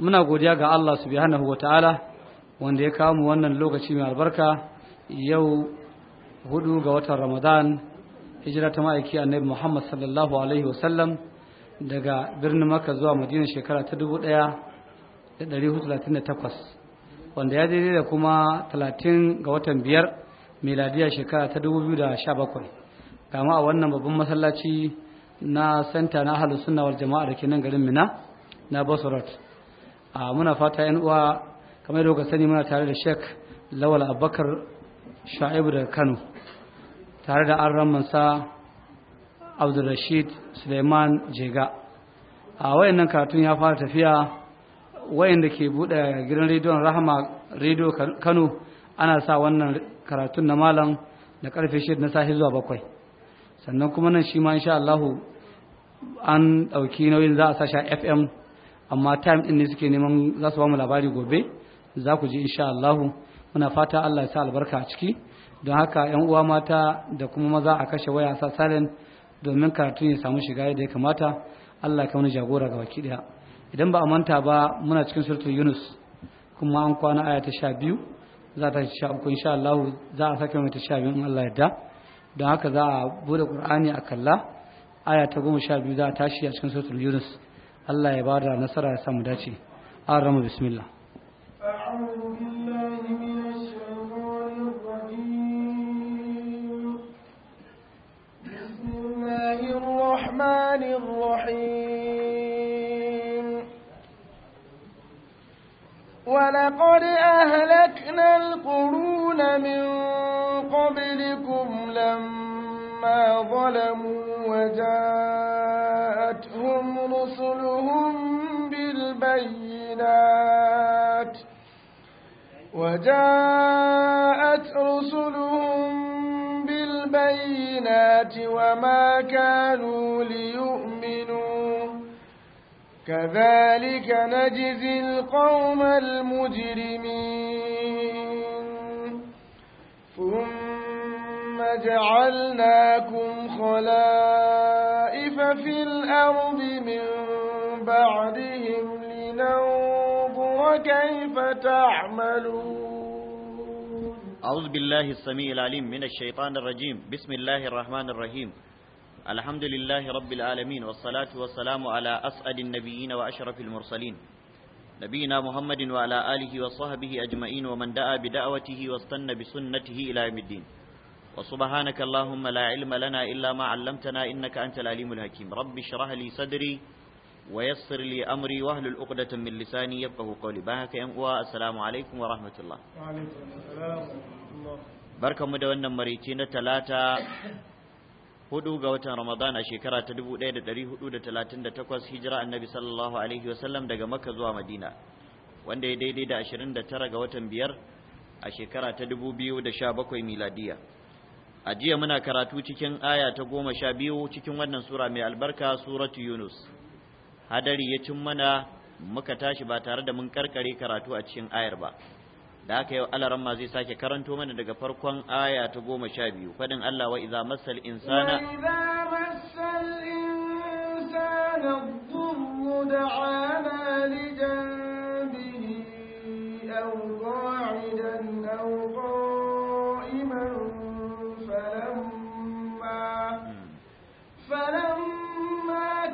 muna godiya ga Allah subhanahu wataala wanda ya kawo mu wannan lokaci mai albarka yau hudu ga watan Ramadan hijira ta ma'aiki annabi Muhammad sallallahu alaihi wasallam daga birnin Makka zuwa Madina shekara ta 1438 wanda ya daidai da kuma 30 ga watan biyar miladiya shekara ta 2017 kama a wannan babban masallaci na santa na ahlus sunna wal jama'a da ke nan garin Mina na Basra a muna fata yan uwa kamar yadda kuka sani muna tare da Sheikh Lawal Abubakar Sha'ibu daga Kano tare da Arramansa Abdulrashid Suleiman Jega a wayannan karatun ya fara tafiya wayanda ke buɗe gidan rediyon Rahama Rediyo Kano ana sa wannan karatun na malam da karfe shida na sahi zuwa bakwai sannan kuma nan shi ma insha Allahu an ɗauki nauyin za a sasha FM amma time din ne suke neman za su ba mu labari gobe za ku ji insha Allah muna fata Allah ya sa albarka a ciki don haka yan uwa mata da kuma maza a kashe waya sa silent domin karatu ya samu shiga yadda ya kamata Allah ya kauna jagora ga baki daya idan ba a manta ba muna cikin suratul Yunus kuma an kwana aya ta sha za ta sha uku insha Allah za a sake mai sha biyu in Allah yarda don haka za a bude Qur'ani a kalla aya ta goma za a tashi a cikin suratul Yunus Allah ya bada nasara ya samu dace an rama bismillah ولقد أهلكنا القرون من قبلكم لما ما ظلموا وجاءتهم رسلهم بالبينات وجاءت رسلهم بالبينات وما كانوا ليؤمنوا كذلك نجزي القوم المجرمين ثم جعلناكم خلائف في الأرض من بعدهم لننظر كيف تعملون أعوذ بالله السميع العليم من الشيطان الرجيم بسم الله الرحمن الرحيم الحمد لله رب العالمين والصلاة والسلام على أسعد النبيين وأشرف المرسلين نبينا محمد وعلى آله وصحبه أجمعين ومن دعا بدعوته واستنى بسنته إلى يوم الدين وسبحانك اللهم لا علم لنا إلا ما علمتنا إنك أنت العليم الحكيم رب اشرح لي صدري ويسر لي أمري وهل الأقدة من لساني يبقه قولي باك يمقوى السلام عليكم ورحمة الله بارك مدونا مريتين تلاتة hudu ga watan Ramadan a shekara ta dubu ɗaya da ɗari hudu da talatin da takwas hijira annabi sallallahu alaihi daga makka zuwa madina wanda ya daidai da ashirin da tara ga watan biyar a shekara ta dubu biyu da sha bakwai miladiya a jiya muna karatu cikin aya ta goma sha biyu cikin wannan sura mai albarka suratu yunus hadari ya cin mana muka tashi ba tare da mun karkare karatu a cikin ayar ba da aka yau alaran ma zai sake karanto mana daga farkon aya ta goma sha biyu faɗin allah wa iza masal insana أو قاعدا أو قاعدا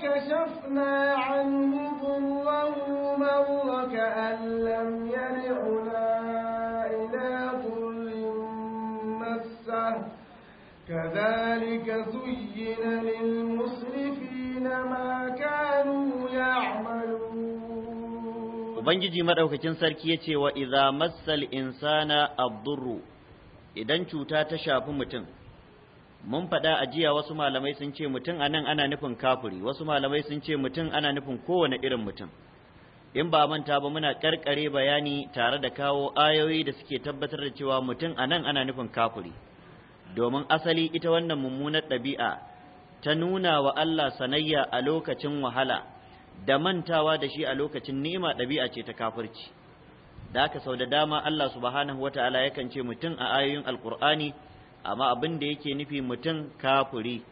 فكشفنا عنه ضره مر كأن لم يدعنا إلى ضر مسه كذلك زين للمسرفين ما كانوا يعملون Ubangiji madaukakin sarki ya ce wa idza massal insana ad idan cuta ta shafi mutum mun faɗa a jiya wasu malamai sun ce mutum a nan ana nufin kafuri wasu malamai sun ce mutum ana nufin kowane irin mutum in ba manta ba muna karkare bayani tare da kawo ayoyi da suke tabbatar da cewa mutum a nan ana nufin kafuri domin asali ita wannan mummunar ɗabi'a ta nuna wa Allah sanayya a lokacin wahala da mantawa da shi a lokacin ni'ima ɗabi'a ce ta kafirci da haka sau da dama Allah subhanahu wataala yakan ce mutum a ayoyin alkur'ani amma abin da yake nufi mutum kafuri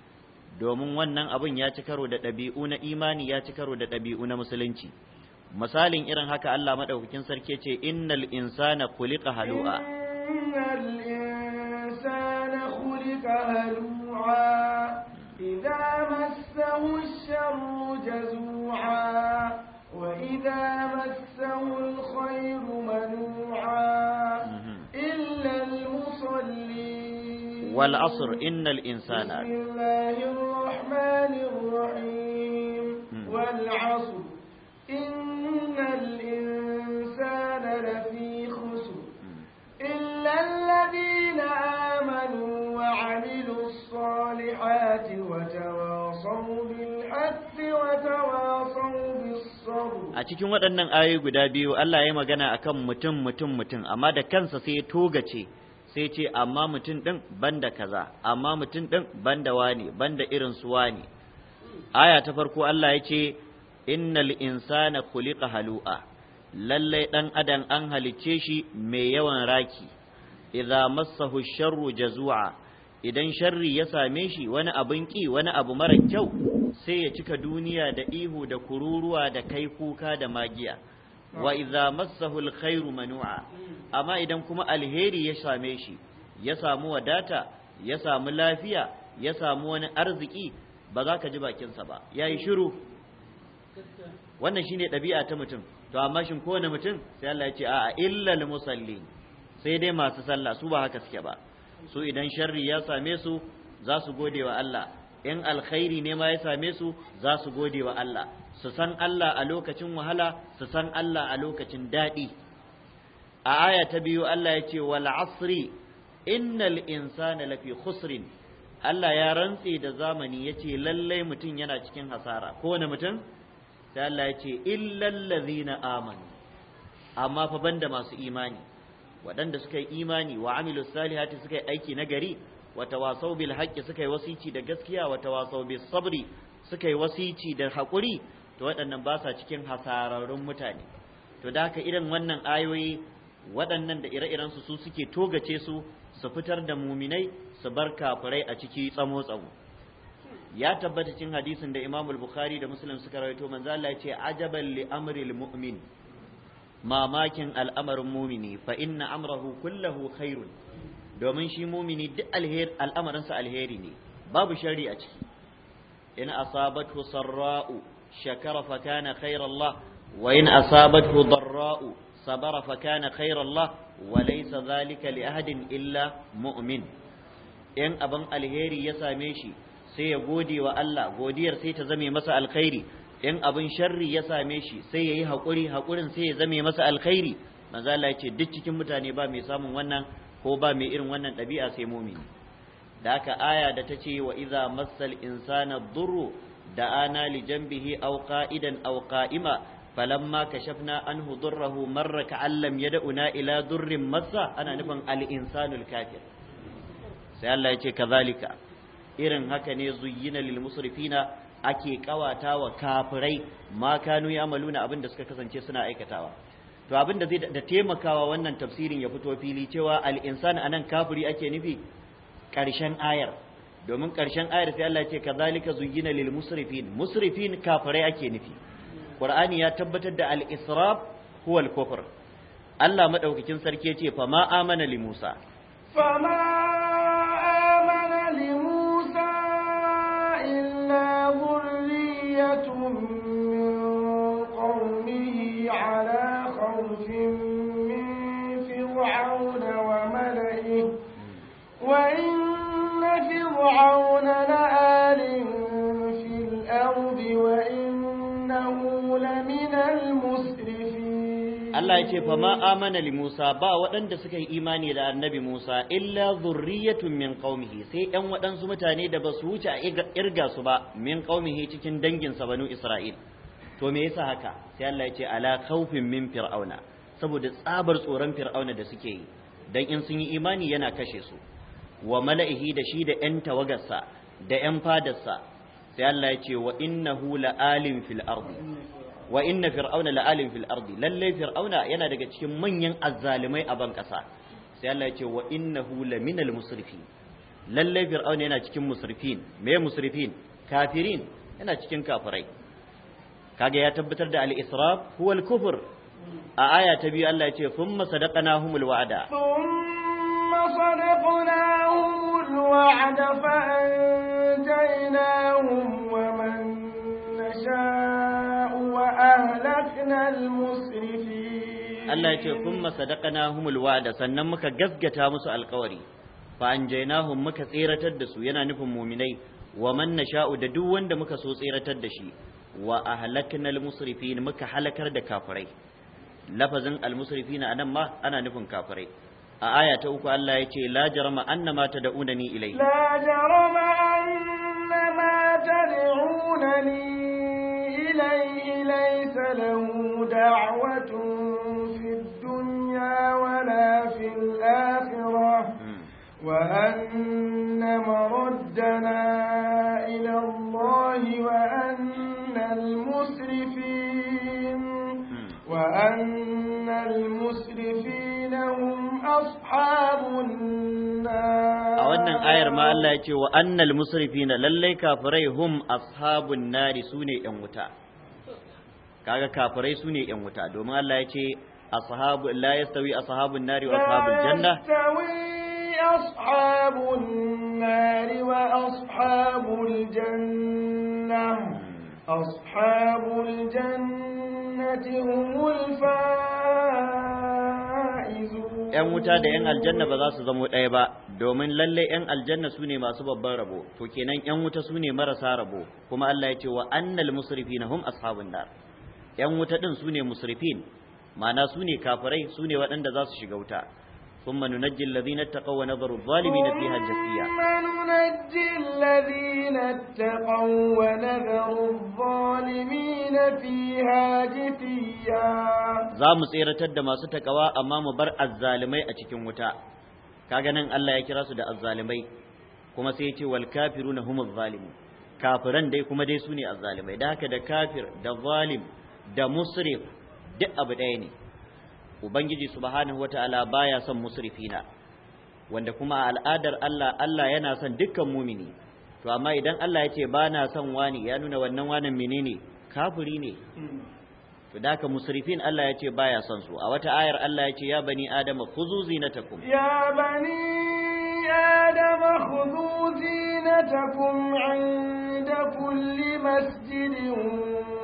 domin wannan abin ya ci karo da ɗabi'u na imani ya ci karo da ɗabi'u na musulunci misalin irin haka Allah maɗaukakin sarki ce innal insana khuliqa halu'a innal insana khuliqa halu'a idza massahu ash-sharru jazu'a wa idza massahu al-khayru manu'a wal asr innal insana bismillahir rahmanir rahim hmm. wal asr hmm. a cikin waɗannan ayoyi guda biyu Allah ya magana akan mutum mutum mutum amma da kansa sai ya togace sai ce amma mutum ɗin banda kaza amma mutum ɗin banda wani banda irin su wani. aya ta farko Allah ya ce innal insana khuliqa halu'a lallai ɗan adam an halicce shi mai yawan raki idza massahu sharru jazua idan sharri ya same shi wani abin ki wani abu mara kyau sai ya cika duniya da ihu da kururuwa da kai kuka da magiya wa idza massahu alkhairu manu'a amma idan kuma alheri ya same shi ya samu wadata ya samu lafiya ya samu wani arziki ba za ka ji bakinsa ba yayi shiru wannan shine ɗabi'a ta mutum to amma shin kowane mutum sai Allah ya ce a'a illal musallin sai dai masu sallah su ba haka suke ba su idan sharri ya same su za su gode wa Allah in alkhairi ne ma ya same su za su gode wa Allah su san Allah a lokacin wahala su san Allah a lokacin daɗi a aya ta biyu Allah ya ce wal asri innal insana lafi khusrin Allah ya rantse da zamani ya ce lallai mutum yana cikin hasara kowane mutum sai Allah ya ce na amanu amma fa banda masu imani waɗanda suka yi imani wa amilu salihati suka yi aiki na gari wa tawasau bil haqqi suka yi wasici da gaskiya wa tawasau bis sabri suka yi wasici da hakuri to waɗannan ba sa cikin hasararrun mutane to da haka irin wannan ayoyi waɗannan da ire-iren su suke togace su su fitar da muminai su bar kafirai a ciki tsamo tsamo ya tabbata cikin hadisin da Imam Bukhari da Muslim suka rawaito manzo Allah ya ce ajaban li amril mu'min mamakin al'amarin mumini fa inna amrahu kullahu khairun domin shi mumini duk alheri al'amarinsa alheri ne babu shari a ciki in asabatu sarra'u shakara fa kana khairallah wa in asabatu darra'u sabara fa kana khairallah wa laysa dhalika li ahadin illa mu'min in abin alheri ya same shi sai ya gode wa Allah godiyar sai ta zame masa alkhairi in abin sharri ya same shi sai ya yi haƙuri haƙurin sai ya zame masa alkhairi manzo Allah ya ce duk cikin mutane ba mai samun wannan ko ba mai irin wannan ɗabi'a sai mumini da aka aya da ta ce wa iza massal insana duru da ana li janbihi aw qa'idan aw qa'ima falamma kashafna anhu durrahu marra ka'allam yad'una ila durrin massa ana nufin al insanul kafir sai Allah kazalika irin haka ne zuyyina lil musrifina ake kawata wa kafirai ma kanu ya maluna abin da suka kasance suna aikatawa to abin da zai da taimakawa wannan tafsirin ya fito fili cewa al-insan anan kafiri ake nufi ƙarshen ayar domin ƙarshen ayar sai Allah ya ce kazalika zuyyina lil musrifin musrifin kafirai ake nufi qur'ani ya tabbatar da al-israf huwa al-kufr Allah madaukakin sarki ya ce fa ma amana li Musa fa ma allah لآل في الأرض وإنه لمن المسرفين الله يتي فما suka yi imani da annabi Musa illa zurriyatun min qaumihi sai ɗan waɗansu mutane da ba su wuce a irga su ba min qaumihi cikin dangin sa banu Isra'il to me yasa haka sai Allah ya ce ala khawfin min fir'auna saboda tsabar tsoron fir'auna da suke yi dan in sun yi imani yana kashe su wa mala'ihi da shi da ‘yan tawagarsa da ‘yan fadarsa sai Allah ya ce wa la'alin fil ardi wa inna fir'auna la'alin fil ardi lalle fir'auna yana daga cikin manyan azzalimai a ban kasa sai Allah ya ce wa laminal musrifin lalle fir'auna yana cikin musrifin me musrifin kafirin yana cikin kafirai kaga ya tabbatar da al-israf huwa al-kufr a aya ta biyu Allah ya ce thumma sadaqnahumul wa'ada thumma وصدقناهم الوعد فأنجيناهم ومن نشاء وأهلكنا المسرفين الله يقول ثم صدقناهم الوعد sannan muka gasgata musu alƙawari fa anjaynahum muka tseratar da su yana nufin muminai wa man nasha'u da duk wanda muka so tseratar da shi wa musrifin muka halakar da kafirai lafazin al musrifin anan ma ana nufin kafirai a aya ta uku Allah ya ce la jarama annama tad'unani ilayhi la jarama annama tad'unani ilayhi laysa lahu da'watun fid dunya wala fil akhirah wa anna maraddana ila Allah wa anna al musrifin وأن المسرفين هم أصحاب النار a wannan ayar ma Allah ya ce wa annal musrifina lallai kafirai hum ashabun nari sune yan wuta kaga kafirai sune yan wuta domin Allah ya la yastawi ashabun nari wa ashabul janna ashabun ‘Yan wuta da ‘yan aljanna ba za su zamo ɗaya ba, domin lallai ‘yan aljanna su ne masu babban rabo, to kenan ‘yan wuta su ne marasa rabo, kuma Allah ya ce wa annal musrifi na hum ashabun nar. ‘Yan wuta ɗin su ne musrifin, mana su ne kafirai su ne waɗanda za su shiga wuta. ثم ننجي الذين اتقوا ونذر الظالمين فيها جثيا ثم ننجي الذين اتقوا ونذر الظالمين فيها جثيا زامو tseratar da masu takawa amma mu bar azzalumai a cikin wuta kaga nan Allah ya kira su da azzalimai kuma sai ya ce wal kafiruna humuz zalimun kafiran dai kuma dai su ne da haka da kafir da valim, da musrif duk abu ɗaya ne ubangiji subhanahu wataala baya son musrifina wanda kuma a al'adar Allah Allah yana son dukkan mumini to amma idan Allah ya ce ba na son wani ya nuna wannan wanan menene kafiri ne to da ka musrifin Allah ya ce baya son su a wata ayar Allah ya ce ya bani adama khuzu zinatakum ya bani adama khuzu zinatakum 'inda kulli masjidin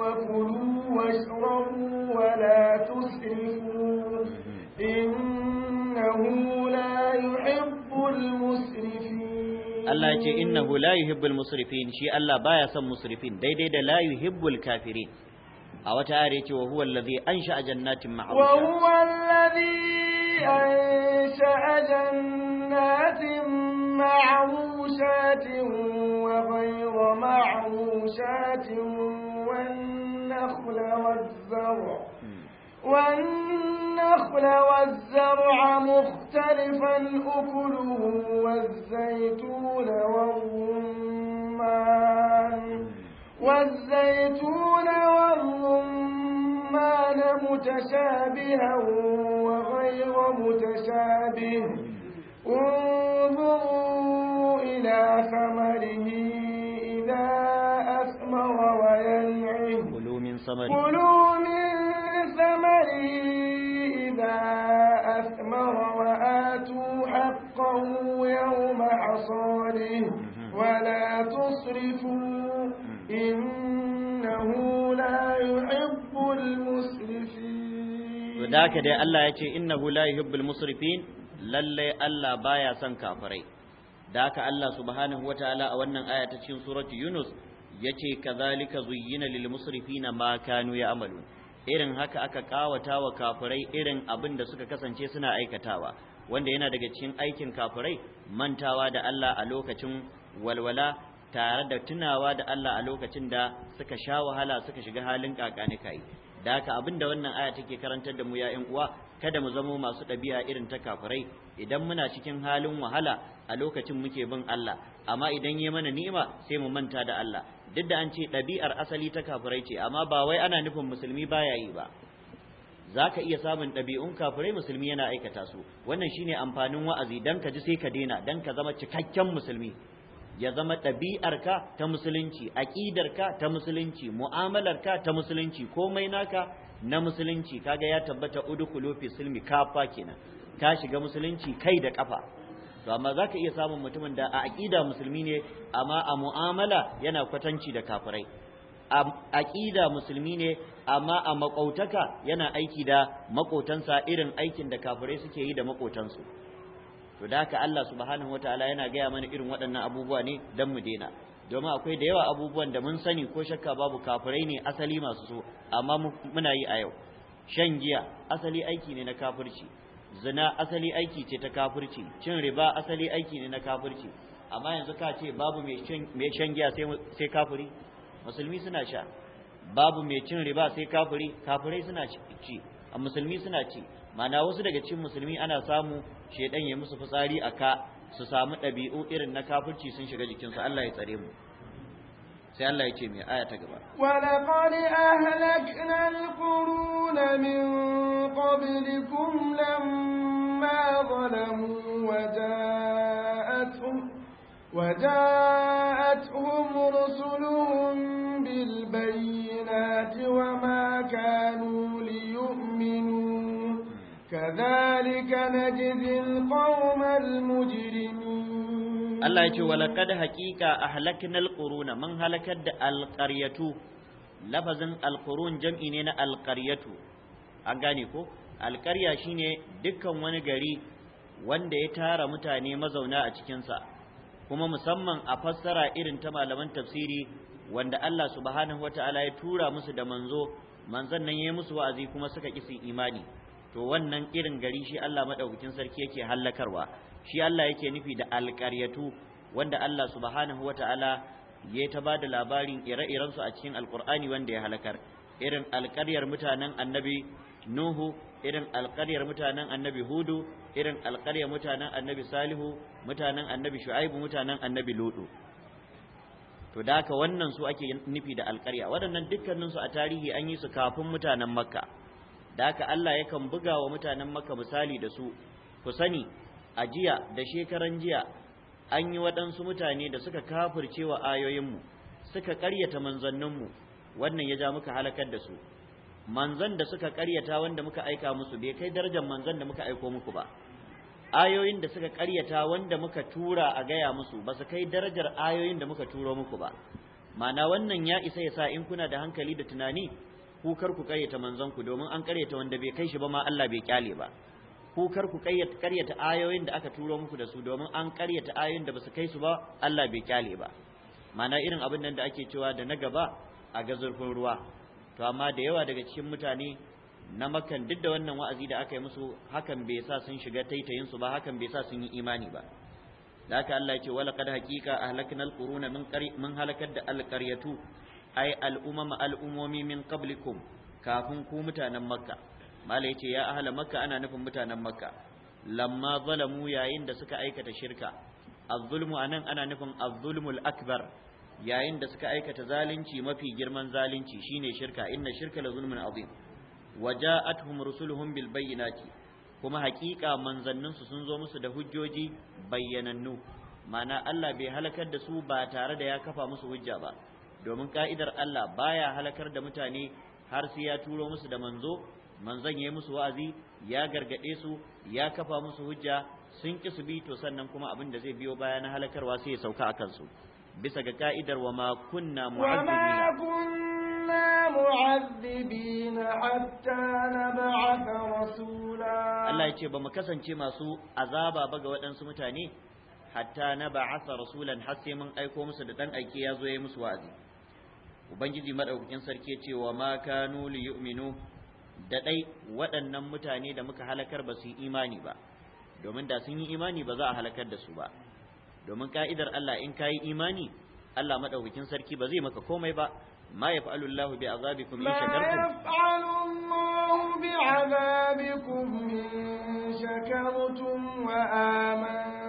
wa kulu واشربوا ولا تسرفوا إنه لا يحب المسرفين الله يقول إنه لا يحب المسرفين شيء الله بايا سم مسرفين دي دي, دي لا يحب الكافرين أو تعالى وهو الذي أنشأ جنات معروشة وهو الذي أنشأ جنات معروشات وغير معروشات والنخل والزرع والنخل والزرع مختلفا أكله والزيتون والرمان والزيتون والرمان الرحمن متشابها وغير متشابه انظروا إلى ثمره إذا أثمر وينعه كلوا من ثمره كلوا من ثمره إذا أثمر وآتوا حقه يوم حصاده ولا تصرفوا إنه لا يحب المسرفين da haka dai Allah ya ce innahu la yuhibbul musrifin lalle Allah baya son kafurai. da haka Allah subhanahu a wannan aya ta cikin suratu Yunus yace kazalika zuyyina lil musrifina ma kanu ya'malun irin haka aka kawata wa kafirai irin abin da suka kasance suna aikatawa wanda yana daga cikin aikin kafirai mantawa da Allah a lokacin walwala tare da tunawa da Allah a lokacin da suka sha wahala suka shiga halin kakani kai da haka abinda wannan aya take karantar da mu ya uwa kada mu zamo masu ɗabi'a irin ta kafirai idan muna cikin halin wahala a lokacin muke bin Allah amma idan ya mana ni'ima sai mu manta da Allah duk da an ce ɗabi'ar asali ta kafirai ce amma ba wai ana nufin musulmi baya yi ba za ka iya samun ɗabi'un kafirai musulmi yana aikata su wannan shine amfanin wa'azi dan ka ji sai ka daina dan ka zama cikakken musulmi ya zama ɗabi'arka ta musulunci aƙidarka ta musulunci mu'amalarka ta musulunci komai naka na musulunci kaga ya tabbata udkhulu fi silmi kafa kenan ka shiga musulunci kai da kafa to amma zaka iya samun mutumin da a aƙida musulmi ne amma a mu'amala yana kwatanci da kafirai a aƙida musulmi ne amma a maƙautaka yana aiki da maƙotansa irin aikin da kafirai suke yi da maƙotansu to da haka Allah subhanahu wataala yana gaya mana irin waɗannan abubuwa ne dan mu daina domin akwai da yawa abubuwan da mun sani ko shakka babu kafirai ne asali masu so amma muna yi a yau shan giya asali aiki ne na kafirci zina asali aiki ce ta kafirci cin riba asali aiki ne na kafirci amma yanzu ka ce babu mai shan giya sai kafiri musulmi suna sha babu mai cin riba sai kafiri kafirai suna ci musulmi suna ci mana wasu daga cikin musulmi ana samu shedan ya musu fitsari a ka su samu ɗabi'u irin na kafirci sun shiga jikinsu Allah ya tsare mu sai Allah ya ce mai aya ta gaba walaqad ahlakna alquruna min qablikum lamma zalamu wa ja'atuhum wa ja'atuhum rusuluhum bil bayyinati ma kanu liyu'minu كذلك نجزي القوم المجرمين الله يقول ولقد حقيقة أهلكنا القرون من هلكت القرية لفظ القرون جمعينينا القرية كو القرية شيني دكا ونقري wanda ya tara mutane mazauna a cikinsa kuma musamman a fassara irin ta malaman tafsiri wanda Allah subhanahu wata'ala ya tura musu da manzo manzon nan ya musu wa'azi kuma suka ƙi imani to wannan irin gari shi Allah madaukakin sarki yake hallakarwa shi Allah yake nufi da alƙaryatu wanda Allah subhanahu wataala ya ta bada da labarin ire-iren su a cikin alƙur'ani wanda ya halakar irin alƙaryar mutanen annabi Nuhu irin alƙaryar mutanen annabi Hudu irin alƙaryar mutanen annabi Salihu mutanen annabi Shu'aibu mutanen annabi Ludu. to da haka wannan su ake nufi da alƙarya waɗannan dukkanin su a tarihi an yi su kafin mutanen Makka da haka Allah yakan buga wa mutanen maka misali da su ku sani a jiya da shekaran jiya an yi waɗansu mutane da suka kafirce wa ayoyinmu suka ƙaryata manzanninmu wannan ya ja muka halakar da su manzan da suka ƙaryata wanda muka aika musu bai kai darajar manzan da muka aiko muku ba ayoyin da suka ƙaryata wanda muka tura a gaya musu ba su kai darajar ayoyin da muka turo muku ba ma'ana wannan ya isa ya sa in kuna da hankali da tunani ku kar ku ƙaryata manzon ku domin an ƙaryata wanda bai kai shi ba ma Allah bai kyale ba ku kar ku ƙaryata ayoyin da aka turo muku da su domin an ƙaryata ayoyin da basu kai su ba Allah bai kyale ba mana irin abin nan da ake cewa da na gaba a ga zurfin ruwa to amma da yawa daga cikin mutane na makan duk da wannan wa'azi da aka yi musu hakan bai sa sun shiga taitayin su ba hakan bai sa sun yi imani ba da haka Allah ya ce wala qad haqiqa ahlakna alquruna min min halakar da alqaryatu ai al'umama al'umomi min qablikum kafin ku mutanen makka malai yace ya ahla makka ana nufin mutanen makka lamma zalamu yayin da suka aikata shirka az-zulmu anan ana nufin az-zulmul akbar yayin da suka aikata zalunci mafi girman zalunci shine shirka inna shirka la zulmun azim waja'atuhum rusuluhum bil bayyinati kuma haƙiƙa manzanninsu sun zo musu da hujjoji bayyanannu ma'ana Allah bai halakar da su ba tare da ya kafa musu hujja ba domin ka'idar Allah baya halakar da mutane har sai ya turo musu da manzo manzon ya musu wa'azi ya gargade su ya kafa musu hujja sun ki su bi to sannan kuma abin da zai biyo baya na halakarwa sai ya sauka akan su bisa ga ka'idar wa ma kunna mu'azzibina hatta nab'atha rasula Allah ya ce ba mu kasance masu azaba ba ga waɗansu mutane hatta nab'atha rasulan har sai mun aiko musu da dan aiki ya zo ya musu wa'azi ubangiji madaukakin sarki ce wa ma kanu li yu'minu da dai waɗannan mutane da muka halakar ba su yi imani ba domin da sun yi imani ba za a halakar da su ba domin ka'idar Allah in kayi imani Allah madaukakin sarki ba zai maka komai ba ma yaf'alu Allah bi azabikum in shakartum ma yaf'alu Allah bi azabikum in shakartum wa amantum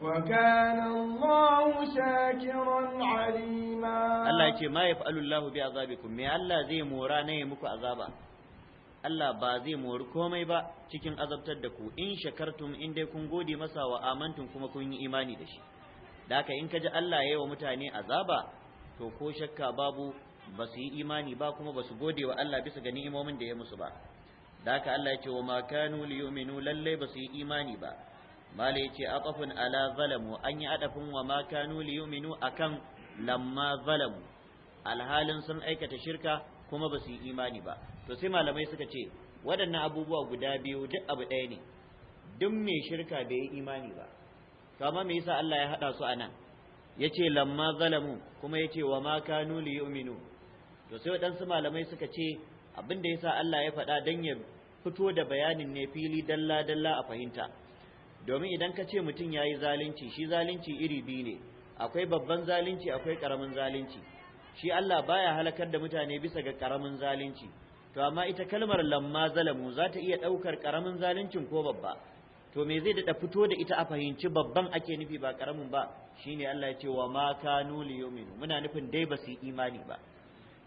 وكان الله شاكرا عليما الله يجي ما يفعل الله بعذابكم ما الله زي مورا ne muku azaba Allah ba zai mori komai ba cikin azabtar da ku in shakartum in dai kun gode masa wa amantum kuma kun yi imani da shi da haka in ji Allah yi wa mutane azaba to ko shakka babu ba su yi imani ba kuma ba su gode wa Allah bisa ga ni'imomin da ya musu ba da haka Allah ya ce wa ma kanu liyu'minu Lallai ba su yi imani ba mala yace aqafun ala zalamu an yi adafin wa ma kanu liyuminu akan lamma zalamu alhalin sun aikata shirka kuma ba su yi imani ba to sai malamai suka ce waɗannan abubuwa guda biyu duk abu ɗaya ne duk mai shirka bai yi imani ba to amma me yasa Allah ya hada su anan yace lamma zalamu kuma yace wa ma kanu liyuminu to sai waɗansu malamai suka ce abin da yasa Allah ya faɗa dan ya fito da bayanin ne fili dalla dalla a fahimta domin idan ka ce mutum ya yi zalunci shi zalunci iri biyu ne akwai babban zalunci akwai karamin zalunci shi Allah baya halakar da mutane bisa ga karamin zalunci to amma ita kalmar lamma zalamu za ta iya ɗaukar karamin zaluncin ko babba to me zai daɗa fito da ita a fahimci babban ake nufi ba karamin ba Shi ne Allah ya ce wa ma kanu liyuminu muna nufin dai ba su imani ba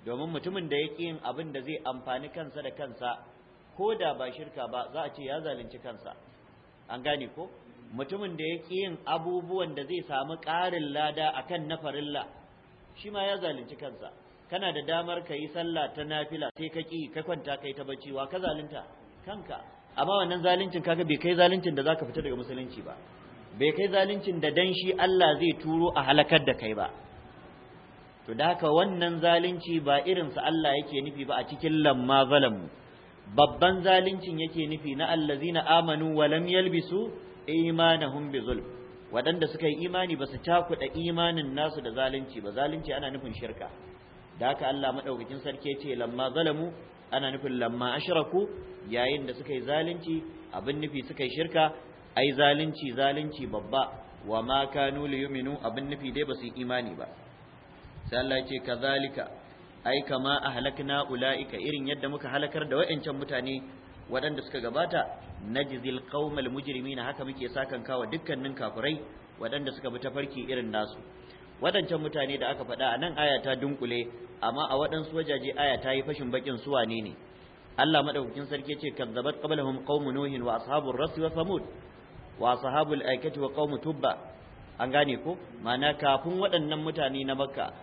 domin mutumin da ya ƙi yin abin da zai amfani kansa da kansa ko da ba shirka ba za a ce ya zalunci kansa an gane ko mutumin da ya ƙi yin abubuwan da zai samu ƙarin lada akan na farilla shi ma ya zalunci kansa kana da damar ka yi sallah ta nafila sai ka ƙi ka kwanta kai ta bacci wa ka zalunta kanka amma wannan zaluncin kaga bai kai zaluncin da zaka fita daga musulunci ba bai kai zaluncin da dan shi Allah zai turo a halakar da kai ba to da haka wannan zalunci ba irin sa Allah yake nufi ba a cikin lamma zalamu babban zalincin yake nufi na allazina amanu wa lam yalbisu imanahum bi zulm waɗanda suka yi imani ba su cakuɗa imanin nasu da zalunci ba zalunci ana nufin shirka da haka Allah madaukakin sarki ya ce lamma zalamu ana nufin lamma ashraku yayin da suka yi zalunci abin nufi suka yi shirka ai zalunci zalunci babba wa ma kanu liyuminu abin nufi dai ba su yi imani ba sai Allah ya ce kazalika ai kama ahlakna ulaika irin yadda muka halakar da wayancan mutane waɗanda suka gabata najzil qaumal na haka muke sakan kawa dukkanin kafurai waɗanda suka bi tafarki irin nasu waɗancan mutane da aka faɗa a nan aya ta dunkule amma a waɗansu wajaje aya ta yi fashin bakin su wane ne Allah madaukakin sarki ce kan qablahum qaumu nuhin wa ashabur rasi wa samud wa ashabul aikati wa qaumu tubba an gane ko ma'ana kafin waɗannan mutane na makka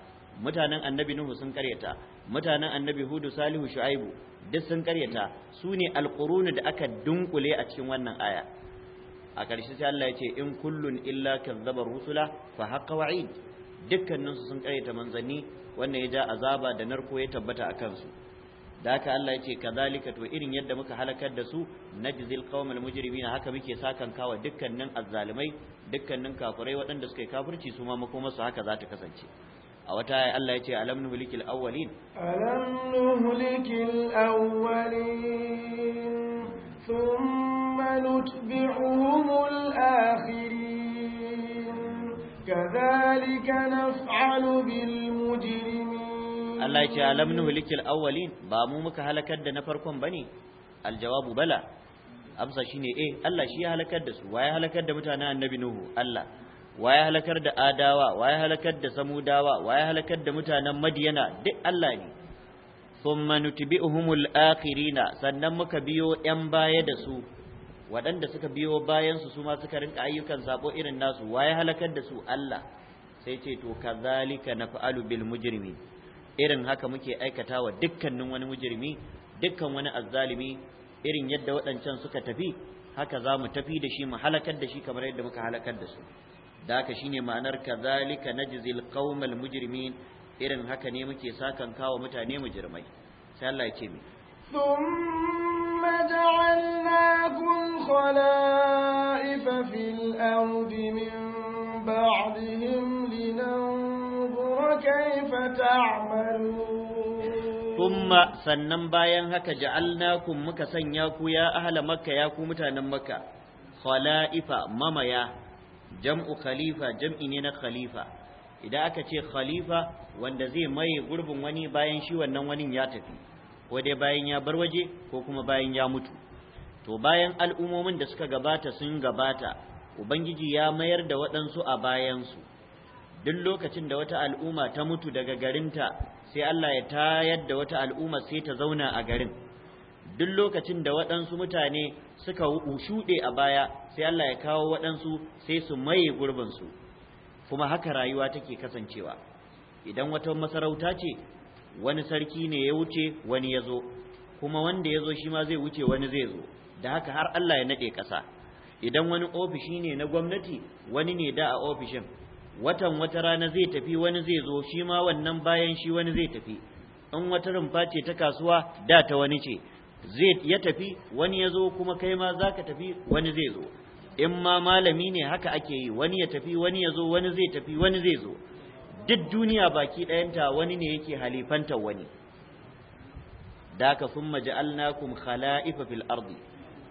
mutanen annabi nuhu sun karyata mutanen annabi hudu salihu shu'aibu duk sun karyata su ne alqurunu da aka dunkule a cikin wannan aya a ƙarshe sai Allah ya ce in kullun illa kazzabar rusula fa haqqa wa'id dukkanin su sun karyata manzanni wannan ya ja azaba da narko ya tabbata a kansu da haka Allah ya ce kadhalika to irin yadda muka halakar da su najzil qawmal mujrimina haka muke sakan kawa dukkanin azzalimai dukkanin kafurai, waɗanda suka yi kafirci su ma su haka za ta kasance a wata ya Allah ya ce alam nuhlikil awwalin alam nuhlikil awwalin thumma nutbi'uhumul akhirin kadhalika naf'alu bil mujrimin Allah ya ce alam nuhlikil awwalin ba mu muka halakar da na farkon bane aljawabu bala amsa shine eh Allah shi ya halakar da su wa ya halakar da mutanen annabi nuhu Allah waye halakar da adawa waye halakar da samudawa waye halakar da mutanen madiyana duk Allah ne thumma nutbi'uhumul akhirina sannan muka biyo yan baya da su waɗanda suka biyo bayan su su ma suka rinka ayyukan sabo irin nasu waye halakar da su Allah sai ce to kazalika naf'alu bil mujrimin irin haka muke aikatawa dukkanin wani mujrimi dukkan wani azzalimi irin yadda waɗancan suka tafi haka zamu tafi da shi mu halakar da shi kamar yadda muka halakar da su da haka shine ma'anar na jizil qaumal mujirmi irin haka ne muke sakan kawo mutane mujrimai sai Allah ya ce mi ثم جعلناكم خلائف في الأرض من بعدهم لننظر كيف تعملون thumma sannan bayan haka kun muka sanya ku ya ahala maka ya ku mutanen kwala ifa, mamaya jam'u khalifa jam'i ne na khalifa idan aka ce khalifa wanda zai maye gurbin wani bayan shi wannan wani ya tafi ko dai bayan ya bar waje ko kuma bayan ya mutu to bayan al'ummomin da suka gabata sun gabata ubangiji ya mayar da waɗansu a bayansu duk lokacin da wata al'umma ta mutu daga garinta sai Allah ya tayar da wata al'umma sai ta zauna a garin duk lokacin da waɗansu mutane suka shuɗe a baya sai Allah ya kawo waɗansu sai su maye gurbinsu kuma haka rayuwa take kasancewa idan wata masarauta ce wani sarki ne ya wuce wani ya zo kuma wanda ya zo shi ma zai wuce wani zai zo da haka har Allah ya naɗe ƙasa idan wani ofishi ne na gwamnati wani ne da a ofishin watan wata rana zai tafi wani zai zo shi ma wannan bayan shi wani zai tafi in wata rumfa ce ta kasuwa da ta wani ce zai ya tafi wani ya zo kuma kai ma za ka tafi wani zai zo in ma malami ne haka ake yi wani ya tafi wani ya zo wani zai tafi wani zai zo duk duniya baki ɗayanta wani ne yake halifanta wani da ka sun maja'alnakum khala'ifa fil ardi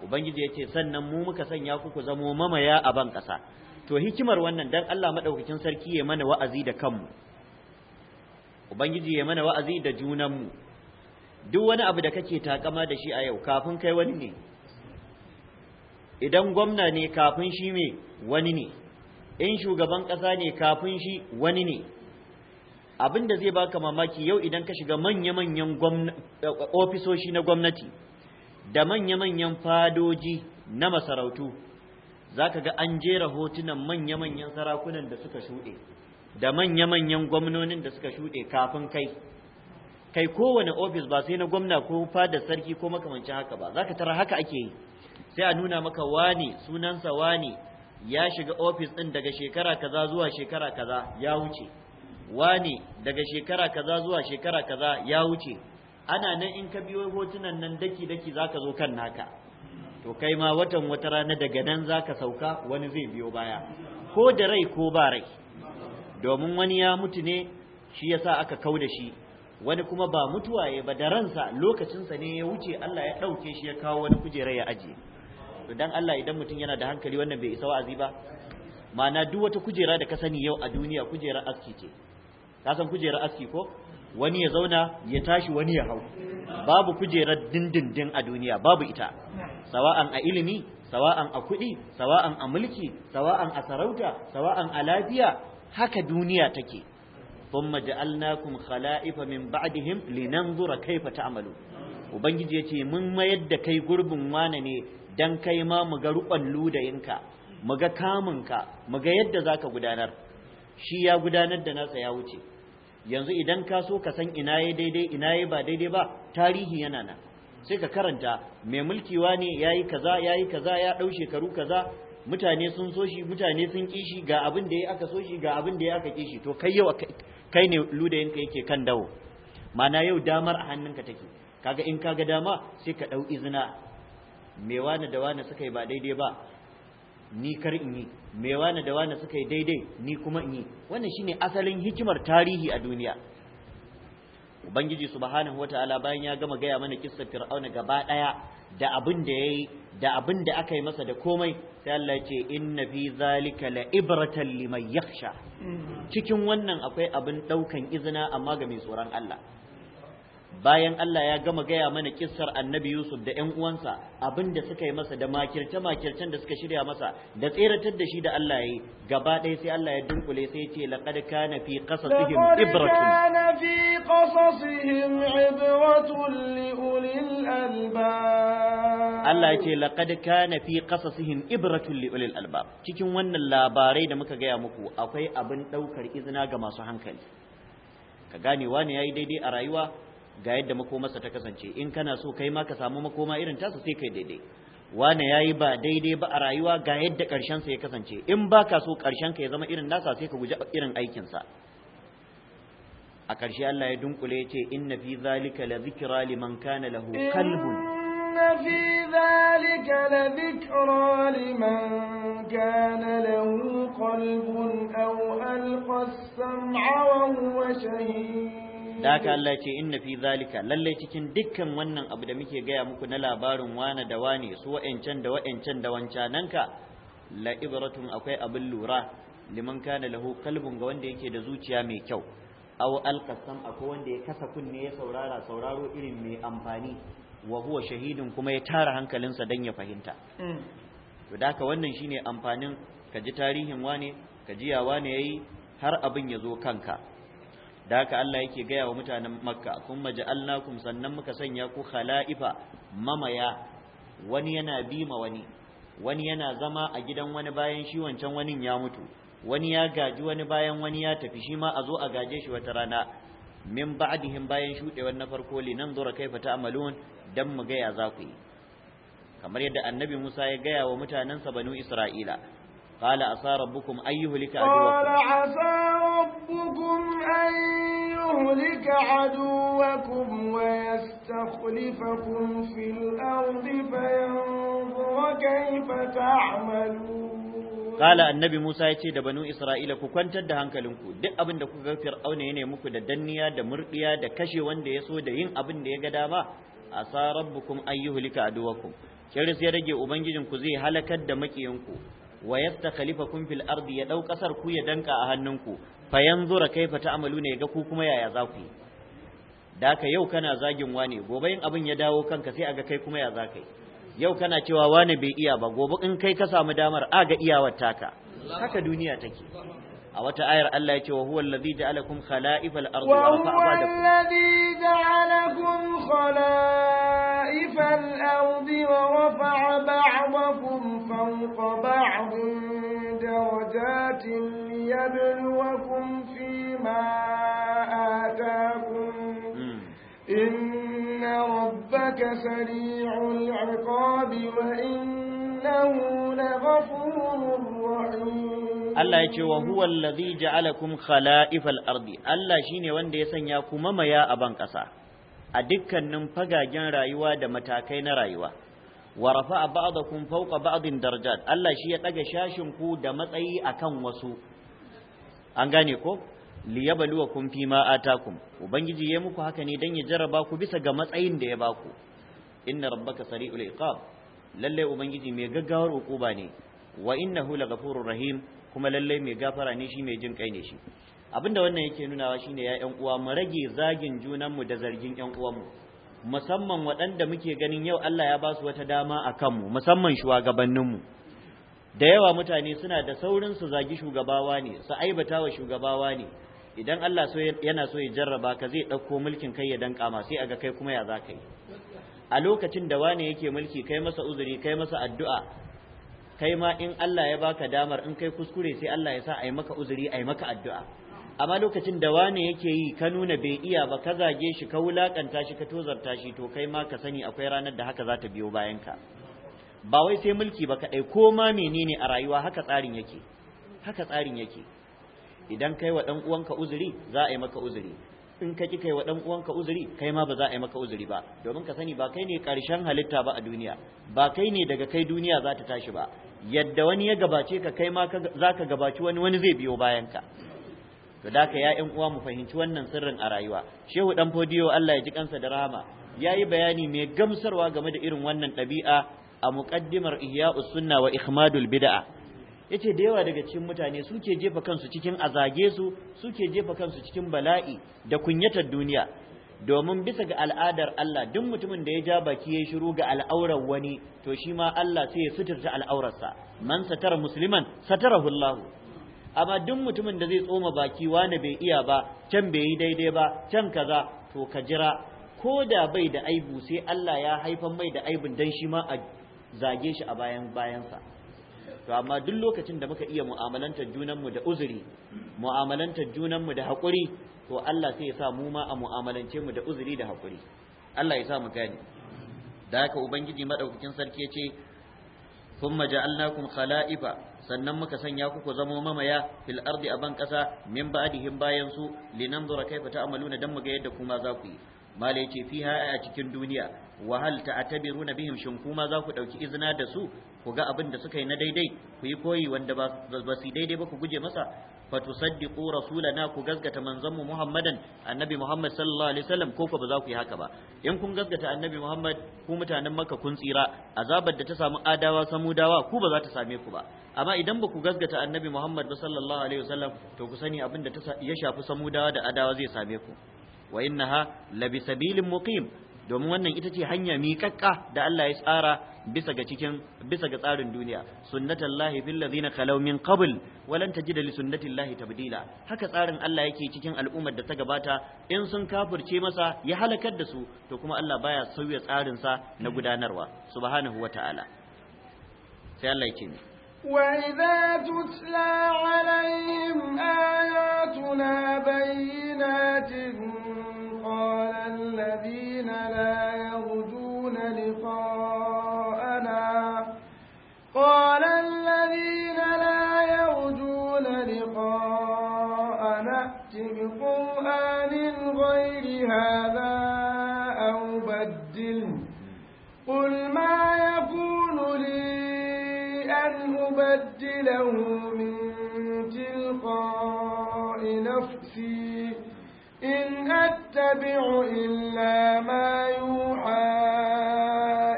ubangiji yace sannan mu muka sanya ku ku zamo mamaya a ban ƙasa to hikimar wannan dan Allah madaukakin sarki ya mana wa'azi da kanmu ubangiji ya mana wa'azi da junanmu duk wani abu da kake takama da shi a yau kafin kai wani ne idan gwamna ne kafin shi me wani ne in shugaban ƙasa ne kafin shi wani ne abin da zai baka mamaki yau idan ka shiga manya-manyan ofisoshi na gwamnati da manya-manyan fadoji na masarautu za ka ga an jera hotunan manya-manyan sarakunan da suka shuɗe da manya-manyan gwamnonin da suka shuɗe kafin kai kai kowane ofis ba sai na gwamna ko fadar sarki ko makamancin haka ba za ka tara haka ake yi sai a nuna maka wani sunansa wani ya shiga ofis ɗin daga shekara kaza zuwa shekara kaza ya wuce wani daga shekara kaza zuwa shekara kaza ya wuce ana nan in ka biyo hotunan nan daki daki za ka zo kan naka to kai ma watan wata rana daga nan za ka sauka wani zai biyo baya ko da rai ko ba rai domin wani ya mutu ne shi yasa aka kau da shi wani kuma ba mutuwa ya ba da ransa lokacinsa ne ya wuce Allah ya ɗauke shi ya kawo wani kujera ya ajiye to don Allah idan mutum yana da hankali wannan bai isa wa'azi ba ma'ana duk wata kujera da ka sani yau a duniya kujerar aski ce ka san kujerar aski ko wani ya zauna ya tashi wani ya hau babu kujerar dindindin a duniya babu ita sawa'an a ilimi sawa'an a kuɗi sawa'an a mulki sawa'an a sarauta sawa'an a lafiya haka duniya take thumma ja'alnakum khala'ifa min zura linanzura kaifa ta'malu ubangiji yace mun mayar da kai gurbin wane ne dan kai ma mu ga ruban ludayinka mu ga kamunka mu ga yadda zaka gudanar shi ya gudanar da nasa ya wuce yanzu idan ka so ka san ina ya daidai ina ya ba daidai ba tarihi yana nan sai ka karanta mai mulkiwa ne yayi kaza yayi kaza ya dau shekaru kaza mutane sun so shi mutane sun kishi ga abin da ya aka so shi ga abin da ya aka kishi to kai yau kai ne ludayinka yake kan dawo mana yau damar a hannunka take kaga in kaga dama sai ka ɗau izina me wani da wani suka yi ba daidai ba ni kar in yi me wani da wani suka yi daidai ni kuma in yi wannan shine asalin hikimar tarihi a duniya ubangiji subhanahu wataala bayan ya gama gaya mana kissar fir'auna gaba daya da abin da yayi da abin da aka yi masa da komai sai Allah ya ce inna fi zalika la ibratan liman yakhsha mm. cikin wannan akwai abin daukan izina amma ga mai tsoron Allah bayan Allah ya gama gaya mana kissar annabi Yusuf da ‘yan uwansa abinda suka yi masa da makirce-makircen da suka shirya masa da tseratar da shi da Allah ya gaba ɗaya sai Allah ya dunkule sai ce laqad kana fi qasasihim ibratun fi qasasihim li ulil albab Allah ce laqad kana fi qasasihim ibratun li ulil albab cikin wannan labarai da muka gaya muku akwai abin ɗaukar izina ga masu hankali ka gane wani yayi daidai a rayuwa ga yadda makomarsa ta kasance in kana so kai ma ka samu makoma irin tasa sai kai daidai wane yayi ba daidai ba a rayuwa ga yadda karshen sa ya kasance in ba ka so karshen ka ya zama irin nasa sai ka guji irin aikin sa a karshe Allah ya dunkule ya ce inna fi zalika la zikra liman kana lahu qalbun inna fi zalika la zikra liman kana lahu qalbun aw alqa as-sam'a wa huwa shahid da haka Allah ce inna fi zalika lallai cikin dukkan wannan abu da muke gaya muku na labarin wane da wane su wa'ancan da wa'ancan da wancananka la ibratun akwai abin lura liman kana lahu kalbun ga wanda yake da zuciya mai kyau aw alqasam akwai wanda ya kasa kunne ya saurara sauraro irin mai amfani wa huwa shahidin kuma ya tara hankalinsa dan ya fahimta mm. to da haka wannan shine amfanin ka ji tarihin wane ka ji ya wane yayi har abin ya zo kanka da haka Allah yake gaya wa mutanen makka kuma ja'alnakum sannan muka sanya ku khala'ifa mamaya wani yana bima wani wani yana zama a gidan wani bayan shi wancan wani ya mutu wani ya gaji wani bayan wani ya tafi shi ma a zo a gaje shi wata rana min ba'dihim bayan shudewar na farko linan zura kaifa ta'malun dan mu gaya za ku yi kamar yadda annabi Musa ya gaya wa mutanensa banu Isra'ila قال عسى ربكم أن يهلك عدوكم قال عسى ربكم أن يهلك عدوكم ويستخلفكم في الأرض فينظر كيف تعملون Kala annabi Musa ya ce da banu Isra'ila ku kwantar da hankalinku duk abin da kuka fir'auna ya ne muku da danniya da murdiya da kashe wanda ya so da yin abin da ya ga dama asa rabbukum ayyuhlika aduwakum kiris ya rage ubangijinku zai halakar da makiyanku wa yastakhlifakum fil ardi ya dau kasar ku ya danka a hannunku fa yanzura kaifa ya ga ku kuma yaya za ku yi da ka yau kana zagin wane gobe in abin ya dawo kanka sai aga kai kuma ya za kai yau kana cewa wane bai iya ba gobe in kai ka samu damar aga iyawar taka haka duniya take a wata ayar Allah ya ce wa huwa allazi ja'alakum khala'ifal ardi wa rafa'a ba'dakum wa huwa ja'alakum khala'ifal ardi wa ليبلوكم فيما آتاكم إن ربك سريع العقاب وإنه لغفور رحيم Allah ya ce wa huwa allazi ja'alakum khala'ifal ardi Allah shine wanda ya sanya ku mamaya a ban a dukkanin fagagen rayuwa da matakai na rayuwa wa rafa'a ba'dakum fawqa ba'din darajat Allah shi ya daga shashin ku da matsayi akan wasu an gane ko kun fi ma atakum ubangiji ya muku haka ne dan ya jarraba ku bisa ga matsayin da ya baku inna rabbaka sari'ul iqab lalle ubangiji mai gaggawar ukuba ne wa innahu laghafurur rahim kuma lalle mai gafara ne shi mai jin kai ne shi abinda wannan yake nunawa shine ya ƴan uwa mu rage zagin junanmu da zargin ƴan uwanmu musamman waɗanda muke ganin yau Allah ya ba su wata dama a kanmu musamman mu da yawa mutane suna da saurin su zagi shugabawa ne su aibata wa shugabawa ne idan Allah so yana so ya jarraba ka zai ɗauko mulkin kai ya danka ma sai aga kai kuma ya za ka yi a lokacin da wane yake mulki kai masa uzuri kai masa addu'a kai ma in Allah ya baka damar in kai kuskure sai Allah ya sa ai yi maka uzuri a maka addu'a amma lokacin da wane yake yi ka nuna bai iya ba ka zage shi ka wulakanta shi ka tozarta shi to kai ma ka sani akwai ranar da haka za ta biyo bayan ka ba wai sai mulki ba kadai ko ma menene a rayuwa haka tsarin yake haka tsarin yake idan kai wa dan uwanka uzuri za a yi maka uzuri in ka ki kai wa dan uwanka uzuri kai ma ba za a yi maka uzuri ba domin ka sani ba kai ne karshen halitta ba a duniya ba kai ne daga kai duniya za ta tashi ba yadda wani ya gabace ka kai ma za ka gabaci wani wani zai biyo bayan ka to da ka ya yan uwa mu fahimci wannan sirrin a rayuwa shehu dan fodiyo Allah ya ji kansa da rahama yayi bayani mai gamsarwa game da irin wannan ɗabi'a a muƙaddimar Iyya sunna wa ikhmadul bid'a yace da yawa daga cikin mutane suke jefa kansu cikin azage su suke jefa kansu cikin bala'i da kunyatar duniya domin bisa ga al'adar Allah duk mutumin da ya ja baki ya shiru ga al'aurar wani to shi ma Allah sai ya suturta al'aurarsa man satara musliman satarahu Allah amma duk mutumin da zai tsoma baki wani bai iya ba can bai yi daidai ba can kaza to ka jira ko da bai da aibu sai Allah ya haifan mai da aibun dan shi ma a zage shi a bayan bayansa to amma duk lokacin da muka iya mu'amalantar junanmu da uzuri mu'amalantar junanmu da haƙuri to Allah sai ya sa mu ma a mu'amalance mu da uzuri da haƙuri Allah ya sa mu gani da haka ubangiji madaukakin sarki ya ce thumma ja'alnakum khala'ifa sannan muka sanya ku ku zamo mamaya fil ardi aban kasa min ba'dihim bayan su linanzura kaifa ta'maluna dan mu ga yadda kuma za ku yi mala yace fiha a cikin duniya wa hal ta'tabiruna bihim shin kuma za ku dauki izina da su ku ga abin da suka yi na daidai ku yi koyi wanda ba ba su daidai ba ku guje masa fa tusaddiqu rasulana ku gaskata manzon mu Muhammadan annabi Muhammad sallallahu alaihi wasallam ko ba za ku yi haka ba in kun gaskata annabi Muhammad ku mutanen Makka kun tsira azabar da ta samu adawa samudawa ku ba za ta same ku ba amma idan ba ku gaskata annabi Muhammad ba sallallahu alaihi wasallam to ku sani abin da ya shafi samudawa da adawa zai same ku wa innaha sabilin muqim domin wannan ita ce hanya miƙaƙƙa da Allah ya tsara bisa ga cikin bisa ga tsarin duniya sunnatullahi fil ladzina khalaw min qabl walan tajida li sunnatillahi tabdila haka tsarin Allah yake cikin al'ummar da ta gabata in sun kafirce masa ya halakar da su to kuma Allah baya sauya tsarin sa na gudanarwa subhanahu wata'ala sai Allah yake وإذا تتلى عليهم آياتنا بينات قال الذين لا يرجون لقاءنا قال الذين لا يرجون لقاءنا ائت بقرآن غير هذا أو بدله قل ما يكون لي أن أبدله من تلقاء نفسي إن أتبع إلا ما يوحى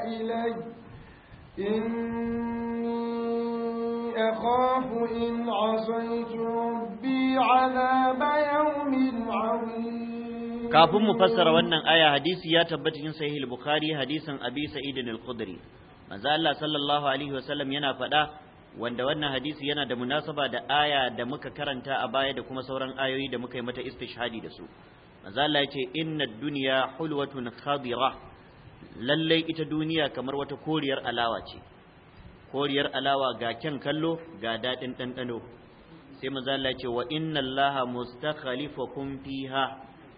إلي إني أخاف إن عصيت ربي عذاب يوم عظيم kafin mu fassara wannan aya hadisi ya tabbata cikin sahih al-bukhari hadisin abi sa'id al-khudri manzo Allah sallallahu alaihi wasallam yana faɗa wanda wannan hadisi yana da munasaba da aya da muka karanta a baya da kuma sauran ayoyi da muka yi mata istishhadi da su manzo Allah yace inna dunya hulwatun khadira lalle ita duniya kamar wata koriyar alawa ce koriyar alawa ga kyan kallo ga dadin dandano sai manzo Allah yace wa inna Allaha mustakhalifukum fiha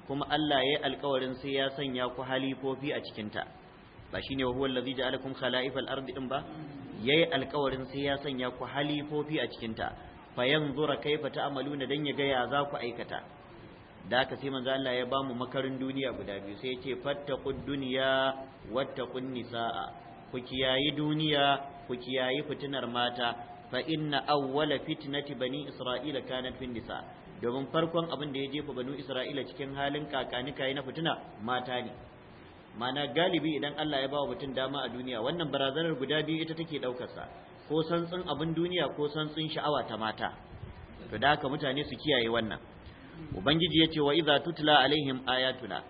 kuma Allah yayi alƙawarin sai ya sanya ku halifofi a cikin ta ba shine huwa allazi ja'alakum khala'ifal ardi din ba yayi alkawarin sai ya sanya ku halifofi a cikin ta fayanzura kaifa na dan ya ga ya za ku aikata da ka sai manzo Allah ya bamu makarin duniya guda biyu sai yace fattaqud dunya wattaqun nisaa ku kiyayi duniya ku kiyayi fitinar mata fa inna awwala fitnati bani isra'ila kanat fi nisa domin farkon abin da ya jefa banu isra'ila cikin halin kakanika na fitina mata ne mana galibi idan Allah ya ba wa mutum dama a duniya wannan barazanar guda biyu ita take ɗaukarsa ko santsin abin duniya ko santsin sha'awa ta mata to da haka mutane su kiyaye wannan ubangiji ya ce wa idza tutla alaihim ayatuna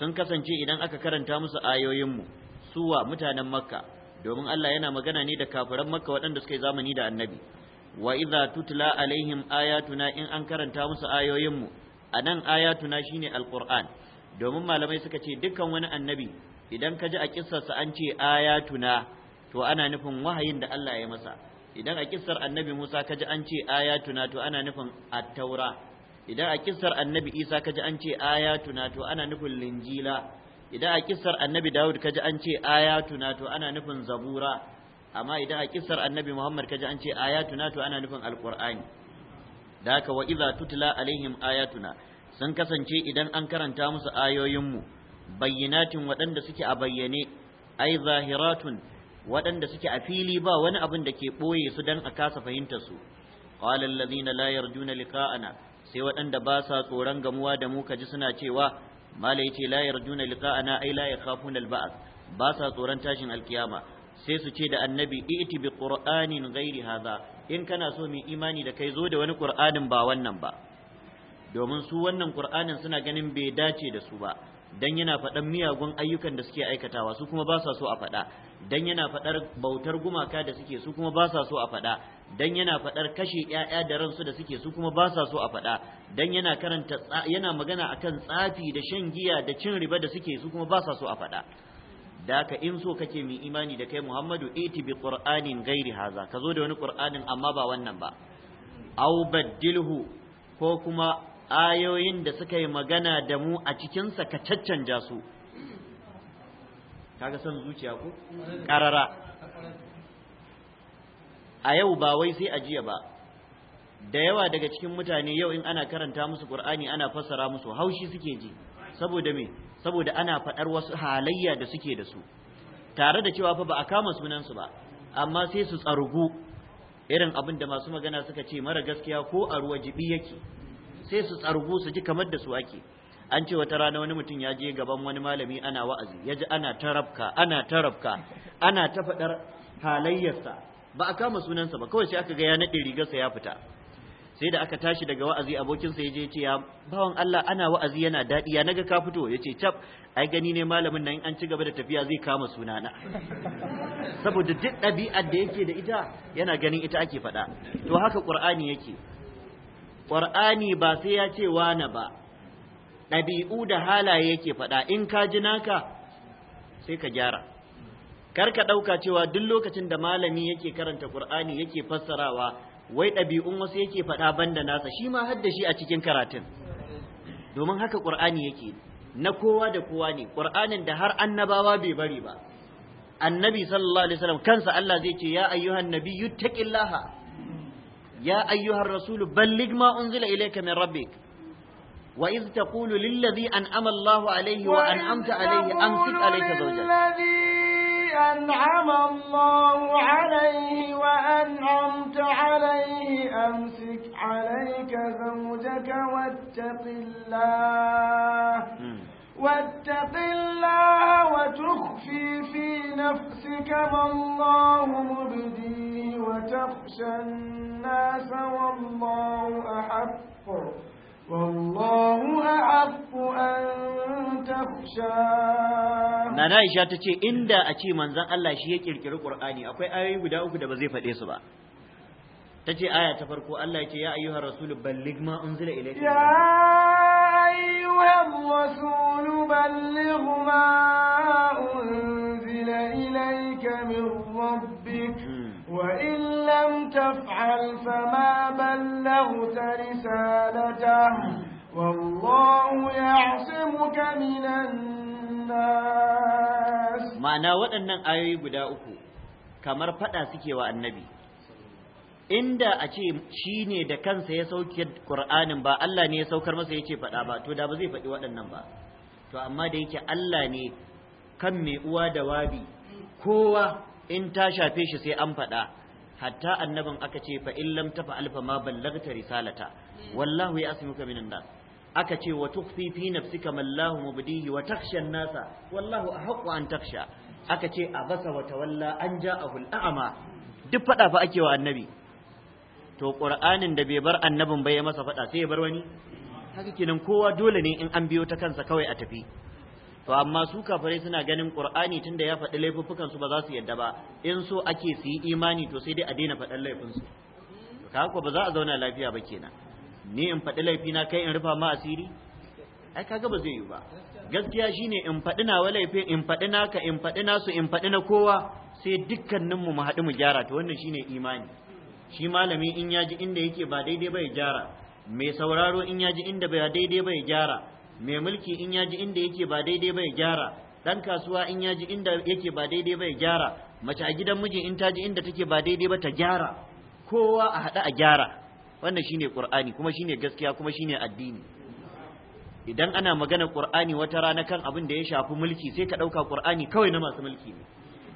sun kasance idan aka karanta musu ayoyinmu suwa mutanen makka domin Allah yana magana ne da kafiran makka waɗanda suka yi zamani da annabi wa idza tutla alaihim ayatuna in an karanta musu ayoyinmu anan ayatuna shine alquran domin malamai suka ce dukkan wani annabi idan ka ji a kissarsa an ce ayatuna to ana nufin wahayin da Allah ya masa idan a kissar annabi Musa ka ji an ce ayatuna to ana nufin at-taura idan a kissar annabi Isa ka ji an ce ayatuna to ana nufin linjila idan a kissar annabi Dawud ka ji an ce ayatuna to ana nufin zabura amma idan a kissar annabi Muhammad ka ji an ce ayatuna to ana nufin alqur'ani da haka wa idza tutla alaihim ayatuna sun kasance idan an karanta musu ayoyinmu bayyinatin waɗanda suke a bayyane ai zahiratun waɗanda suke a fili ba wani abin da ke ɓoye su dan a kasa fahimtar su qala lazina layar juna liƙa'ana, sai waɗanda ba sa tsoron gamuwa da mu ji suna cewa mala layar juna yarjuna liqa'ana ai la yakhafuna al ba sa tsoron tashin alkiyama sai su ce da annabi i'ti bi qur'anin ghairi haza. in kana so mu imani da kai zo da wani ƙur'anin ba wannan ba domin su wannan qur'anin suna ganin bai dace da su ba dan yana faɗan miyagun ayyukan da suke aikatawa su kuma ba sa so a faɗa dan yana faɗar bautar gumaka da suke su kuma ba sa so a faɗa dan yana faɗar kashe ƴaƴa da ransu da suke su kuma ba sa so a faɗa dan yana karanta yana magana akan tsafi da shan giya da cin riba da suke su kuma ba sa so a faɗa da haka in so kake mai imani da kai Muhammadu iti bi qur'anin gairi haza ka zo da wani qur'anin amma ba wannan ba aw baddilhu ko kuma ayoyin da suka yi magana da mu a cikinsa ka caccanja su kaga son zuciya ku? ƙarara a yau ba wai sai ajiya ba da yawa daga cikin mutane yau in ana karanta musu qur'ani ana fassara musu haushi suke ji saboda me saboda ana faɗar wasu halayya da suke da su tare da cewa fa ba a kama sunansu ba amma sai su tsargu. irin abin da masu magana suka ce mara gaskiya ko a ruwa jibi yake sai su tsargu su ji kamar da su ake an ce wata rana wani mutum ya je gaban wani malami ana wa'azi ya ji ana tarabka ana tarabka ana ta faɗar halayyarsa ba a kama sunansa ba kawai sai aka ga ya naɗe rigarsa ya fita sai da aka tashi daga wa'azi abokinsa ya je ce ya bawan Allah ana wa'azi yana daɗi ya naga ka fito ya ce cap ai gani ne malamin nan an ci gaba da tafiya zai kama sunana saboda duk ɗabi'ar da yake da ita yana ganin ita ake faɗa to haka ƙur'ani yake ƙwar'ani ba sai ya ce wane ba ɗabi'u da halaye yake faɗa in ka ji naka sai ka gyara kar ka ɗauka cewa duk lokacin da malami yake karanta ƙur'ani yake fassarawa wai ɗabi'un wasu yake faɗa banda nasa shi ma hadda shi a cikin karatun domin haka ƙur'ani yake na kowa da kowa ne ƙur'anin da har annabawa bai bari ba annabi sallallahu alaihi wasallam kansa Allah zai ce ya ayyuhan nabiyyu taqillaha يا أيها الرسول بلغ ما أنزل إليك من ربك وإذ تقول للذي أنعم الله عليه وأنعمت عليه أمسك عليك زوجك الذي أنعم الله عليه وأنعمت عليه أمسك عليك زوجك واتق الله واتق الله وتخفي في نفسك ما الله مبديه وتخشى الناس والله أحق والله أحق أن تخشاه نانا عائشة تتي إندا أتي منزان الله شيء كيركير قرآني أكوي آية غدا أكو دبزي فديس با تتي آية تفرقو الله يتي يا أيها الرسول بلغ ما أنزل إليك يا أيها الرسول بلغ ما أنزل إليك من ربك وإن لم تفعل فما بلغت رسالته والله يعصمك من الناس معنى waɗannan ayoyi guda uku kamar faɗa suke wa annabi inda a ce shi ne da kansa ya sauke kur'anin ba Allah ne ya saukar masa ya ce faɗa ba to da ba zai faɗi waɗannan ba to amma da yake Allah ne kan mai uwa da wabi kowa in ta shafe shi sai an faɗa hatta annabin aka ce fa in lam tafa alfa ma ballagta risalata wallahu ya'simuka minan nas aka ce wa tukhfi fi nafsika ma Allahu mubdihi wa takhsha an-nasa wallahu ahqqu an takhsha aka ce abasa wa tawalla an ja'ahu al-a'ma duk faɗa fa ake wa annabi to qur'anin da bai bar annabin bai ya masa faɗa sai ya bar wani haka kenan kowa dole ne in an biyo ta kansa kawai a tafi to amma su kafare suna ganin qur'ani tunda ya faɗi laifuffukan su ba za su yadda ba in so ake su yi imani to sai dai a daina faɗan laifin su ka ko ba za a zauna lafiya ba kenan ni in faɗi laifi na kai in rufa ma asiri ai kaga ba zai yi ba gaskiya shine in faɗi nawa laifin in faɗi naka in faɗi nasu in faɗi na kowa sai dukkaninmu mu haɗu mu gyara to wannan shine imani shi malami in ya ji inda yake ba daidai ba ya gyara mai sauraro in ya ji inda ba daidai ba ya gyara mai mulki in ya ji inda yake ba daidai ba ya gyara dan kasuwa in ya ji inda yake ba daidai ba ya gyara mace a gidan miji in ta ji inda take ba daidai ba ta gyara kowa a haɗa a gyara wannan shine qur'ani kuma shine gaskiya kuma shine addini idan ana magana qur'ani wata rana kan abin da ya shafi mulki sai ka ɗauka qur'ani kawai na masu mulki ne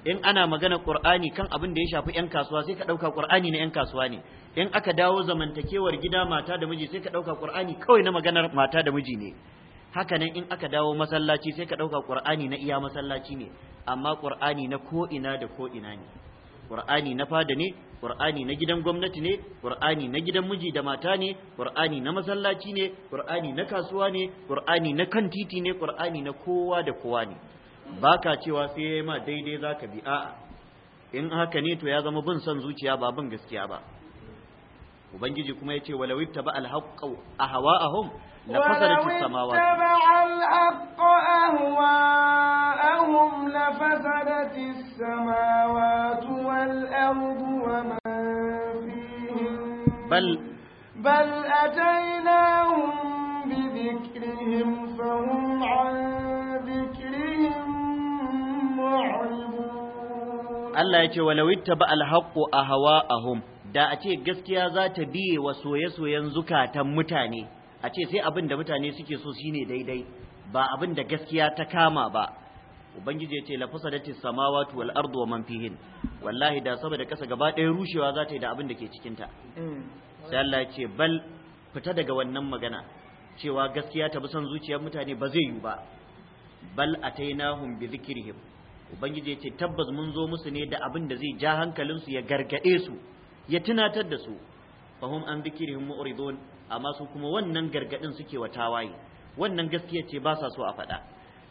in ana magana qur'ani kan abin da ya shafi yan kasuwa sai ka dauka qur'ani na yan kasuwa ne in aka dawo zamantakewar gida mata da miji sai ka dauka qur'ani kawai na maganar mata da miji ne haka nan in aka dawo masallaci sai ka dauka qur'ani na iya masallaci ne amma qur'ani na ko ina da ko ina ne qur'ani na fada ne qur'ani na gidan gwamnati ne qur'ani na gidan miji da mata ne qur'ani na masallaci ne qur'ani na kasuwa ne qur'ani na kan titi ne qur'ani na kowa da kowa ne ba ka cewa sai ya yi ma daidai za ka bi a'a in haka ne to ya zama bin son zuciya ba bin gaskiya ba ubangiji kuma ya walau ittaba al ba ahwa'ahum a hawa a samawati na al-haqqa samawa la fasadat as-samawati wal-ardu wa bal bal ataynahum bi dhikrihim fahum Allah ya ce walawitta ba alhaqqu ahwa'ahum da a ce gaskiya za ta biye wa soye-soyen zukatan mutane a ce sai abin da mutane suke so shine daidai ba abin da gaskiya ta kama ba ubangiji ya ce la fasadatis samawati wal ardu wa man fihin wallahi da saboda kasa gaba ɗaya rushewa za ta yi da abin da ke cikin ta mm. sai Allah ya ce bal fita daga wannan magana cewa gaskiya ta bi son zuciyar mutane ba zai yi ba bal atainahum bi zikrihim ubangiji ya ce tabbas mun zo musu ne da abin da zai ja hankalinsu ya gargaɗe su ya tunatar da su fahum an zikirihim mu'ridun amma su kuma wannan gargadin suke wa tawaye wannan gaskiya ce ba sa so a faɗa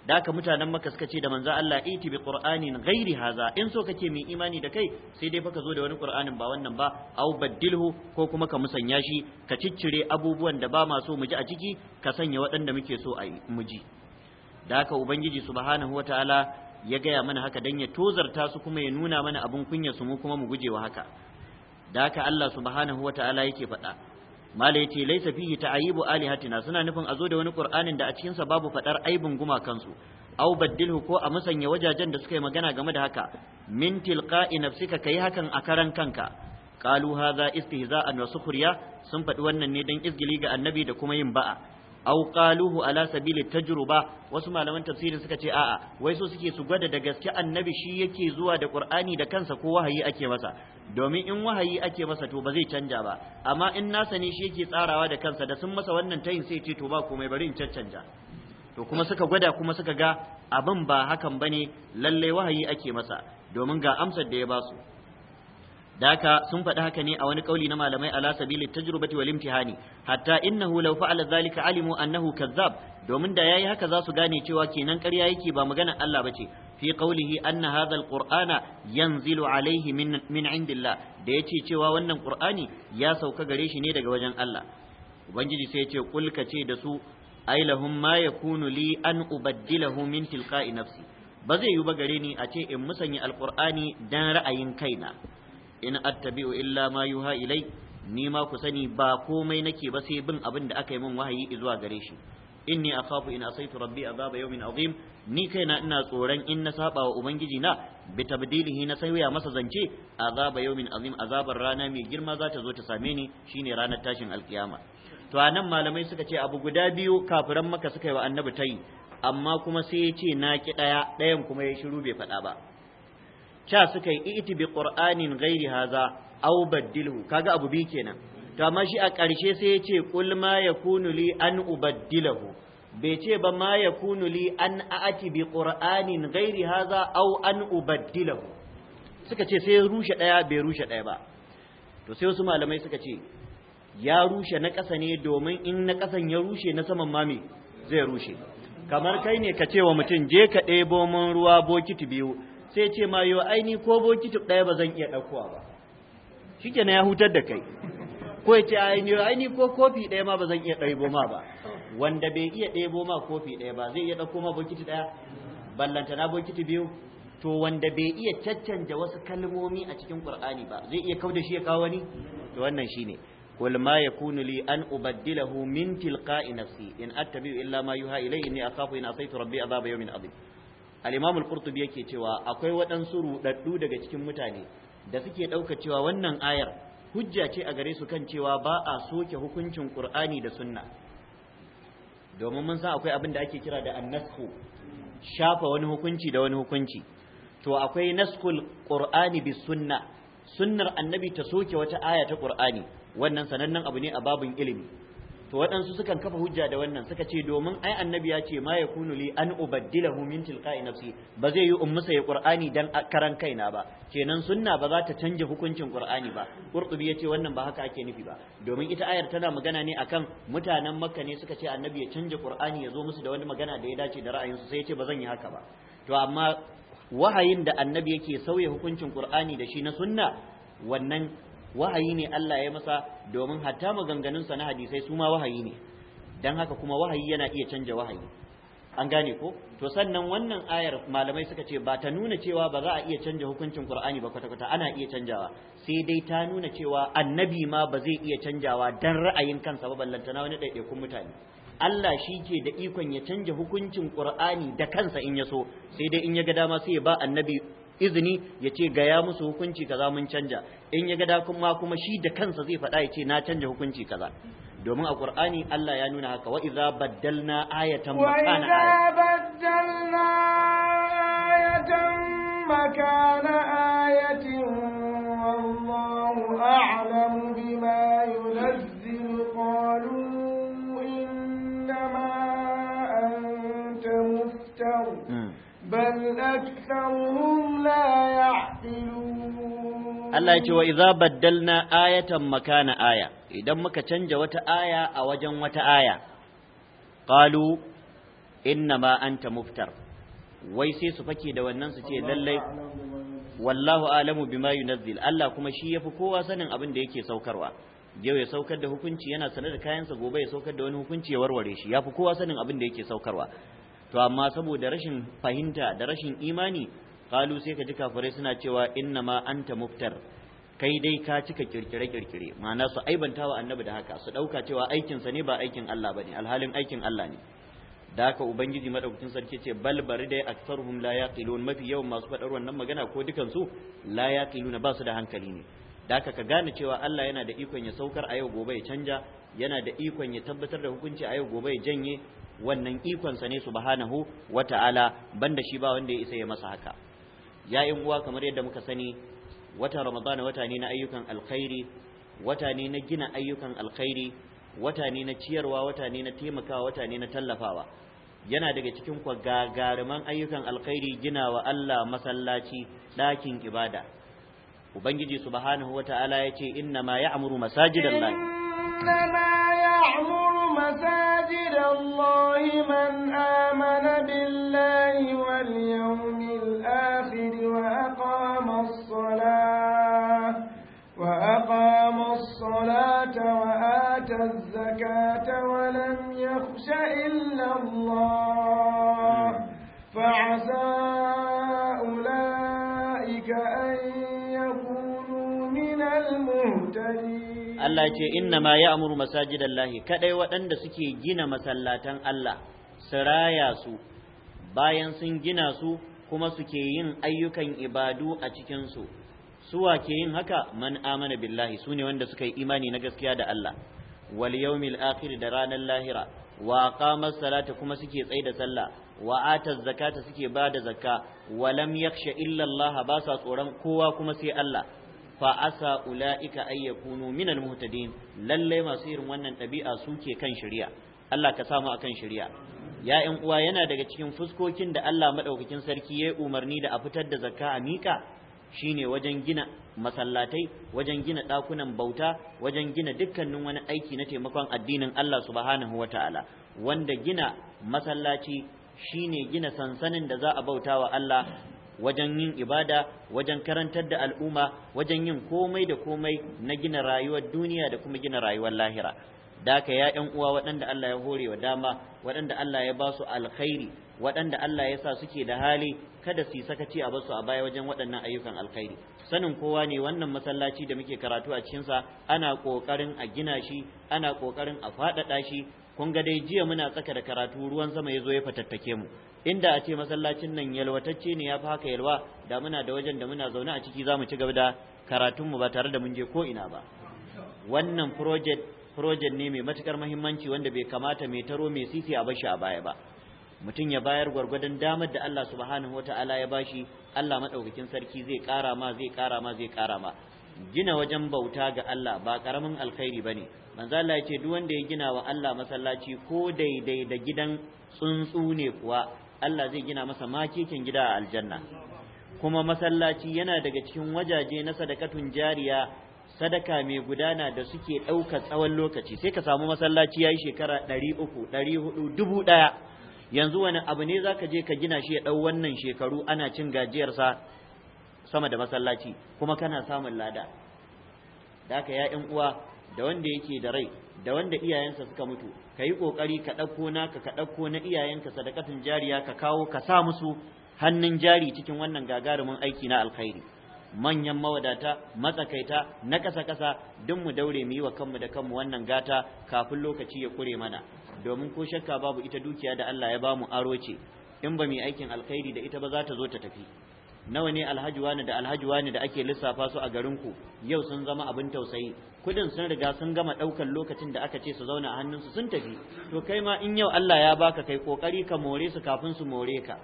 da haka mutanen maka suka ce da manzo Allah iti bi qur'anin ghairi haza in so kake mai imani da kai sai dai baka zo da wani qur'anin ba wannan ba au baddilhu ko kuma ka musanya shi ka ciccire abubuwan da ba ma so mu ji a ciki ka sanya waɗanda muke so a mu ji da haka ubangiji subhanahu wataala ya gaya mana haka don ya tozarta su kuma ya nuna mana abin kunya su mu kuma mu gujewa haka da haka Allah subhanahu ta'ala yake faɗa mala yace ta'ayi fihi ta'ayibu alihatina suna nufin a zo da wani qur'anin da a cikin sa babu faɗar aibin gumakansu au baddilhu ko a musanya wajajen da suka yi magana game da haka min tilqa'i nafsika kai hakan a karan kanka qalu hadha istihza'an wa sukhriya sun faɗi wannan ne dan izgili ga annabi da kuma yin ba'a aw qaluhu ala sabili tajruba wasu malaman tafsirin suka ce a'a wai so suke su gwada da gaske annabi shi yake zuwa da qur'ani da kansa ko wahayi ake masa domin in wahayi ake masa to ba zai canja ba amma in nasa ne shi yake tsarawa da kansa da sun masa wannan tayin sai ce to ba komai bari in cancanja to kuma suka gwada kuma suka ga abin ba hakan bane lalle wahayi ake masa domin ga amsar da ya basu daka sun faɗi haka ne a wani kauli na malamai ala sabili tajrubati wal imtihani hatta innahu law fa'ala zalika alimu annahu kazzab domin da yayi haka za su gane cewa kenan ƙarya yake ba magana Allah bace fi qawlihi anna hadha alqur'ana yanzilu alayhi min min indillah da yace cewa wannan qur'ani ya sauka gare shi ne daga wajen Allah ubangiji sai ya ce kul ce da su ai lahum ma yakunu li an ubaddilahu min tilqa'i nafsi ba zai yi ba gare ni a ce in musanyi alqur'ani dan ra'ayin kaina in attabi'u illa ma yuha ilai ni ma ku sani ba komai nake ba sai bin abin da aka yi min wahayi zuwa gare shi inni akhafu in asaitu rabbi azaba yawmin azim ni kaina ina tsoron in na saba wa ubangiji na bi tabdilihi na sauya masa zance azaba yawmin azim azabar rana mai girma za ta zo ta same ni shine ranar tashin alkiyama to anan malamai suka ce abu guda biyu kafiran maka suka yi wa annabi tayi amma kuma sai ya ce na ki daya dayan kuma ya shiru bai faɗa ba sha suka yi iti bi qur'anin ghairi haza aw baddilu kaga abu bi kenan to amma shi a ƙarshe sai ya ce qul ma yakunu li an ubaddilahu bai ce ba ma yakunu li an aati bi qur'anin ghairi haza aw an ubaddilahu suka ce sai rushe daya bai rushe daya ba to sai wasu malamai suka ce ya rushe na ƙasa ne domin in na ƙasan ya rushe na saman mami zai rushe kamar kai ne ka ce wa mutum je ka ɗebo mun ruwa bokiti biyu sai ce ma yo aini ko bokiti ɗaya ba zan iya ɗaukowa ba ke na ya hutar da kai ko ya ce aini aini ko kofi ɗaya ma ba zan iya ɗaibo ma ba wanda bai iya ɗaibo ma kofi ɗaya ba zai iya ɗauko ma bokiti ɗaya ballanta na bokiti biyu to wanda bai iya da wasu kalmomi a cikin qur'ani ba zai iya kauda shi ya kawo wani to wannan shine قل ma يكون لي أن أبدله من تلقاء نفسي إن أتبع إلا ما يوحى إلي إني أخاف in asaytu rabbi عذاب yawmin adhim al-imam al-qurtubi yake cewa akwai waɗansu rudaddu daga cikin mutane da suke ɗauka cewa wannan ayar hujja ce a gare su kan cewa ba a soke hukuncin qur'ani da sunna domin mun san akwai abin da ake kira da annasku shafa wani hukunci da wani hukunci to akwai naskul qur'ani bis sunna sunnar annabi ta soke wata aya ta ƙur'ani, wannan sanannen abu ne a babin ilimi to waɗansu sukan kafa hujja da wannan suka ce domin ai annabi ya ce ma yakunu li an ubaddilahu min tilqa'i nafsi ba zai yi ummusa ya qur'ani dan karan kaina ba kenan sunna ba za ta canja hukuncin qur'ani ba qurtubi ya ce wannan ba haka ake nufi ba domin ita ayar tana magana ne akan mutanen makka ne suka ce annabi ya canja qur'ani ya zo musu da wani magana da ya dace da ra'ayinsu sai ya ce ba zan yi haka ba to amma wahayin da annabi yake sauya hukuncin qur'ani da shi na sunna wannan wahayi ne Allah ya masa domin hatta maganganunsa na hadisai su ma wahayi ne dan haka kuma wahayi yana iya canja wahayi an gane ko to sannan wannan ayar malamai suka ce ba ta nuna cewa ba za a iya canja hukuncin Qur'ani ba kwata-kwata ana iya canjawa sai dai ta nuna cewa annabi ma ba zai iya canjawa dan ra'ayin kansa ba ballantana wani ɗaiɗaikun mutane Allah shi ke da ikon ya canja hukuncin Qur'ani da kansa in ya so sai dai in ya ga dama sai ya ba annabi izini ya ce gaya musu hukunci kaza mun canja in ya gada kuma kuma shi da kansa zai faɗa ya ce na canja hukunci kaza domin a ƙur'ani Allah ya nuna haka waiza idza baddalna ayatan makana baddalna ayatan makana ayatin wallahu a'lamu bima qalu Allah ya ce wa izabaddal na ayatan maka na aya. Idan muka canja wata aya a wajen wata aya, ƙalu in nama an muftar. Wai sai su faƙe da wannan su ce lallai. Wallahu alamu bima yuna Allah kuma shi ya fi kowa sanin abin da yake saukarwa. Yau ya saukar da hukunci yana sane da kayansa gobe ya saukar da wani hukunci ya warware shi. Ya fi kowa sanin abin da yake saukarwa. to amma saboda rashin fahimta da rashin imani kalu sai ka ji kafirai suna cewa inna ma anta muftar kai dai ka cika kirkire kirkire ma'ana su aibanta wa annabi da haka su dauka cewa aikin sa ne ba aikin Allah bane alhalin aikin Allah ne da haka ubangiji madaukakin sarki ce bal bari dai aktsaruhum la yaqilun mafi yawan masu fadar wannan magana ko dukan su la yaqiluna ba su da hankali ne da haka ka gane cewa Allah yana da ikon ya saukar a yau gobe ya canja yana da ikon ya tabbatar da hukunci a yau gobe ya janye wannan ikonsa ne subhanahu wata'ala banda shi ba wanda ya isa ya masa haka ya yin uwa kamar yadda muka sani wata ramadana wata ne na ayyukan alkhairi wata ne na gina ayyukan alkhairi wata ne na ciyarwa wata ne na taimakawa wata ne na tallafawa yana daga cikin kwa gagaruman ayyukan alkhairi gina wa Allah masallaci ɗakin ibada ubangiji subhanahu wata'ala yace inna ma ya ya'muru masajidallahi يعمر مساجد الله من آمن بالله واليوم الآخر وأقام الصلاة وأقام الصلاة وآتى الزكاة ولم يخش إلا الله فعسى أولئك أن يكونوا من المهتدين Allah ce inna ma ya ya'muru masajidallahi kadai waɗanda suke gina masallatan Allah su su bayan sun gina su kuma suke yin ayyukan ibadu a cikin su suwa ke yin haka man amana billahi sune wanda suka yi imani na gaskiya da Allah wal yawmil akhir da ranar lahira wa qama salata kuma suke tsaida sallah wa ata zakata suke bada zakka wa lam yakhsha illa Allah ba sa tsoron kowa kuma sai Allah fa asa ulaika ay yakunu min almuhtadin lalle masu irin wannan ɗabi'a suke kan shari'a Allah ka samu akan shari'a ya ƴan uwa yana daga cikin fuskokin da Allah madaukakin sarki ya umarni da a fitar da zakka a mika shine wajen gina masallatai wajen gina ɗakunan bauta wajen gina dukkanin wani aiki na taimakon addinin Allah subhanahu wataala wanda gina masallaci shine gina sansanin da za a bauta wa Allah wajen yin ibada wajen karantar da al'umma wajen yin komai da komai na gina rayuwar duniya da kuma gina rayuwar lahira daka ya yan uwa waɗanda Allah ya hore wa dama waɗanda Allah ya ba su alkhairi waɗanda Allah ya sa suke da hali kada su yi sakaci a basu a baya wajen waɗannan ayyukan alkhairi sanin kowa ne wannan masallaci da muke karatu a cikin sa ana ƙoƙarin a gina shi ana ƙoƙarin a faɗaɗa shi kun ga dai jiya muna tsaka da karatu ruwan sama ya zo ya fatattake mu inda a ce masallacin nan yalwatacce ne ya fi haka yalwa da muna da wajen da muna zaune a ciki za mu ci gaba da karatunmu ba tare da mun je ko ina ba wannan project ne mai matukar muhimmanci wanda bai kamata mai taro mai sisi a bashi a baya ba mutum ya bayar gwargwadon damar da Allah subhanahu wata'ala ya bashi Allah madaukakin sarki zai kara ma zai kara ma zai kara ma gina wajen bauta ga Allah ba karamin alkhairi bane manzo Allah ya ce duk wanda ya gina wa Allah masallaci ko daidai da gidan tsuntsu ne kuwa Allah zai gina masa makikin gida a aljanna kuma masallaci yana daga cikin wajaje na sadakatun jariya sadaka mai gudana da suke ɗauka tsawon lokaci sai ka samu masallaci ya yi shekara ɗari uku ɗari hudu dubu ɗaya yanzu wani abu ne za ka je ka gina shi ya ɗau wannan shekaru ana cin gajiyarsa sama da masallaci kuma kana samun lada da haka ya uwa da wanda yake da rai da wanda iyayensa suka mutu ka yi ƙoƙari ka ɗauko naka ka ɗauko na iyayenka sadakatin jariya ka kawo ka sa musu hannun jari cikin wannan gagarumin aiki na alkhairi manyan mawadata matsakaita na ƙasa ƙasa duk mu daure mu yi wa kanmu da kanmu wannan gata kafin lokaci ya kure mana domin ko shakka babu ita dukiya da Allah ya bamu aro ce in ba mu aikin alkhairi da ita ba za ta zo ta tafi nawa ne alhaji wani da alhaji wani da ake lissafa su a garin ku yau sun zama abin tausayi kudin sun riga sun gama daukan lokacin da aka ce su zauna a hannunsu sun tafi to kai ma in yau Allah ya baka kai kokari ka more su kafin su more ka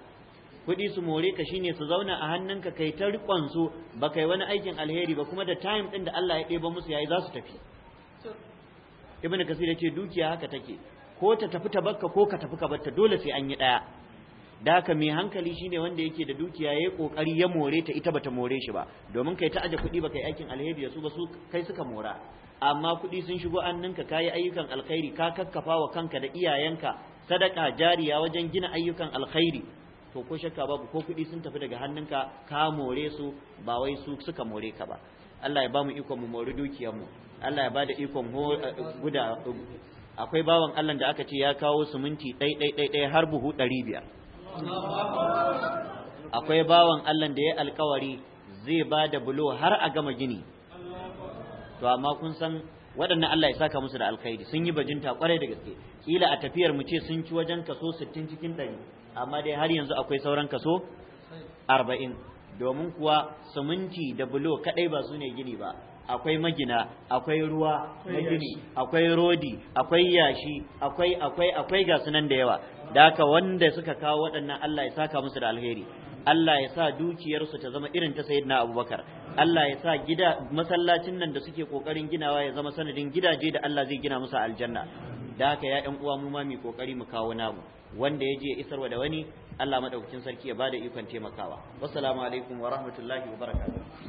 kudi su more ka shine su zauna a hannunka kai ta rikon su ba kai wani aikin alheri ba kuma da time din da Allah ya ɗeba musu yayi za su tafi ibnu kasir ce dukiya haka take ko ta tafi ta bakka ko ka tafi ka batta dole sai an yi daya da haka mai hankali shine wanda yake da dukiya yayi kokari ya more ta ita bata more shi ba domin kai ta aje kuɗi baka yi aikin alheri da su ba su kai suka mora amma kudi sun shigo annanka kayi ayyukan alkhairi ka kakkafa wa kanka da iyayenka sadaka jariya wajen gina ayyukan alkhairi to ko shakka babu ko kudi sun tafi daga hannunka ka more su ba wai su suka more ka ba Allah ya ba mu mu mori dukiyar mu Allah ya ba da ikon eh, guda akwai bawan Allah da aka ce ya kawo suminti dai dai dai har buhu ɗari biyar akwai bawan Allah da ya alkawari zai ba da bulo har a gama gini to amma kun san waɗannan Allah ya saka musu da alkhairi sun yi bajinta kwarai da gaske kila a tafiyar mu ce sun ci wajen kaso 60 cikin 100 amma dai har yanzu akwai sauran kaso 40 domin kuwa suminti da bulo kadai ba su ne gini ba akwai magina akwai ruwa na gini akwai rodi akwai yashi akwai akwai akwai gasu nan da yawa da haka wanda suka kawo waɗannan Allah ya saka musu da alheri Allah ya sa dukiyarsu ta zama irin ta sayyidina Abubakar Allah ya sa gida masallacin nan da suke kokarin ginawa ya zama sanadin gidaje da Allah zai gina musu aljanna da haka ya ɗan uwa mu ma mu kokari mu kawo namu wanda ya je ya isarwa da wani Allah madaukakin sarki ya bada ikon taimakawa wassalamu alaikum wa rahmatullahi wa barakatuh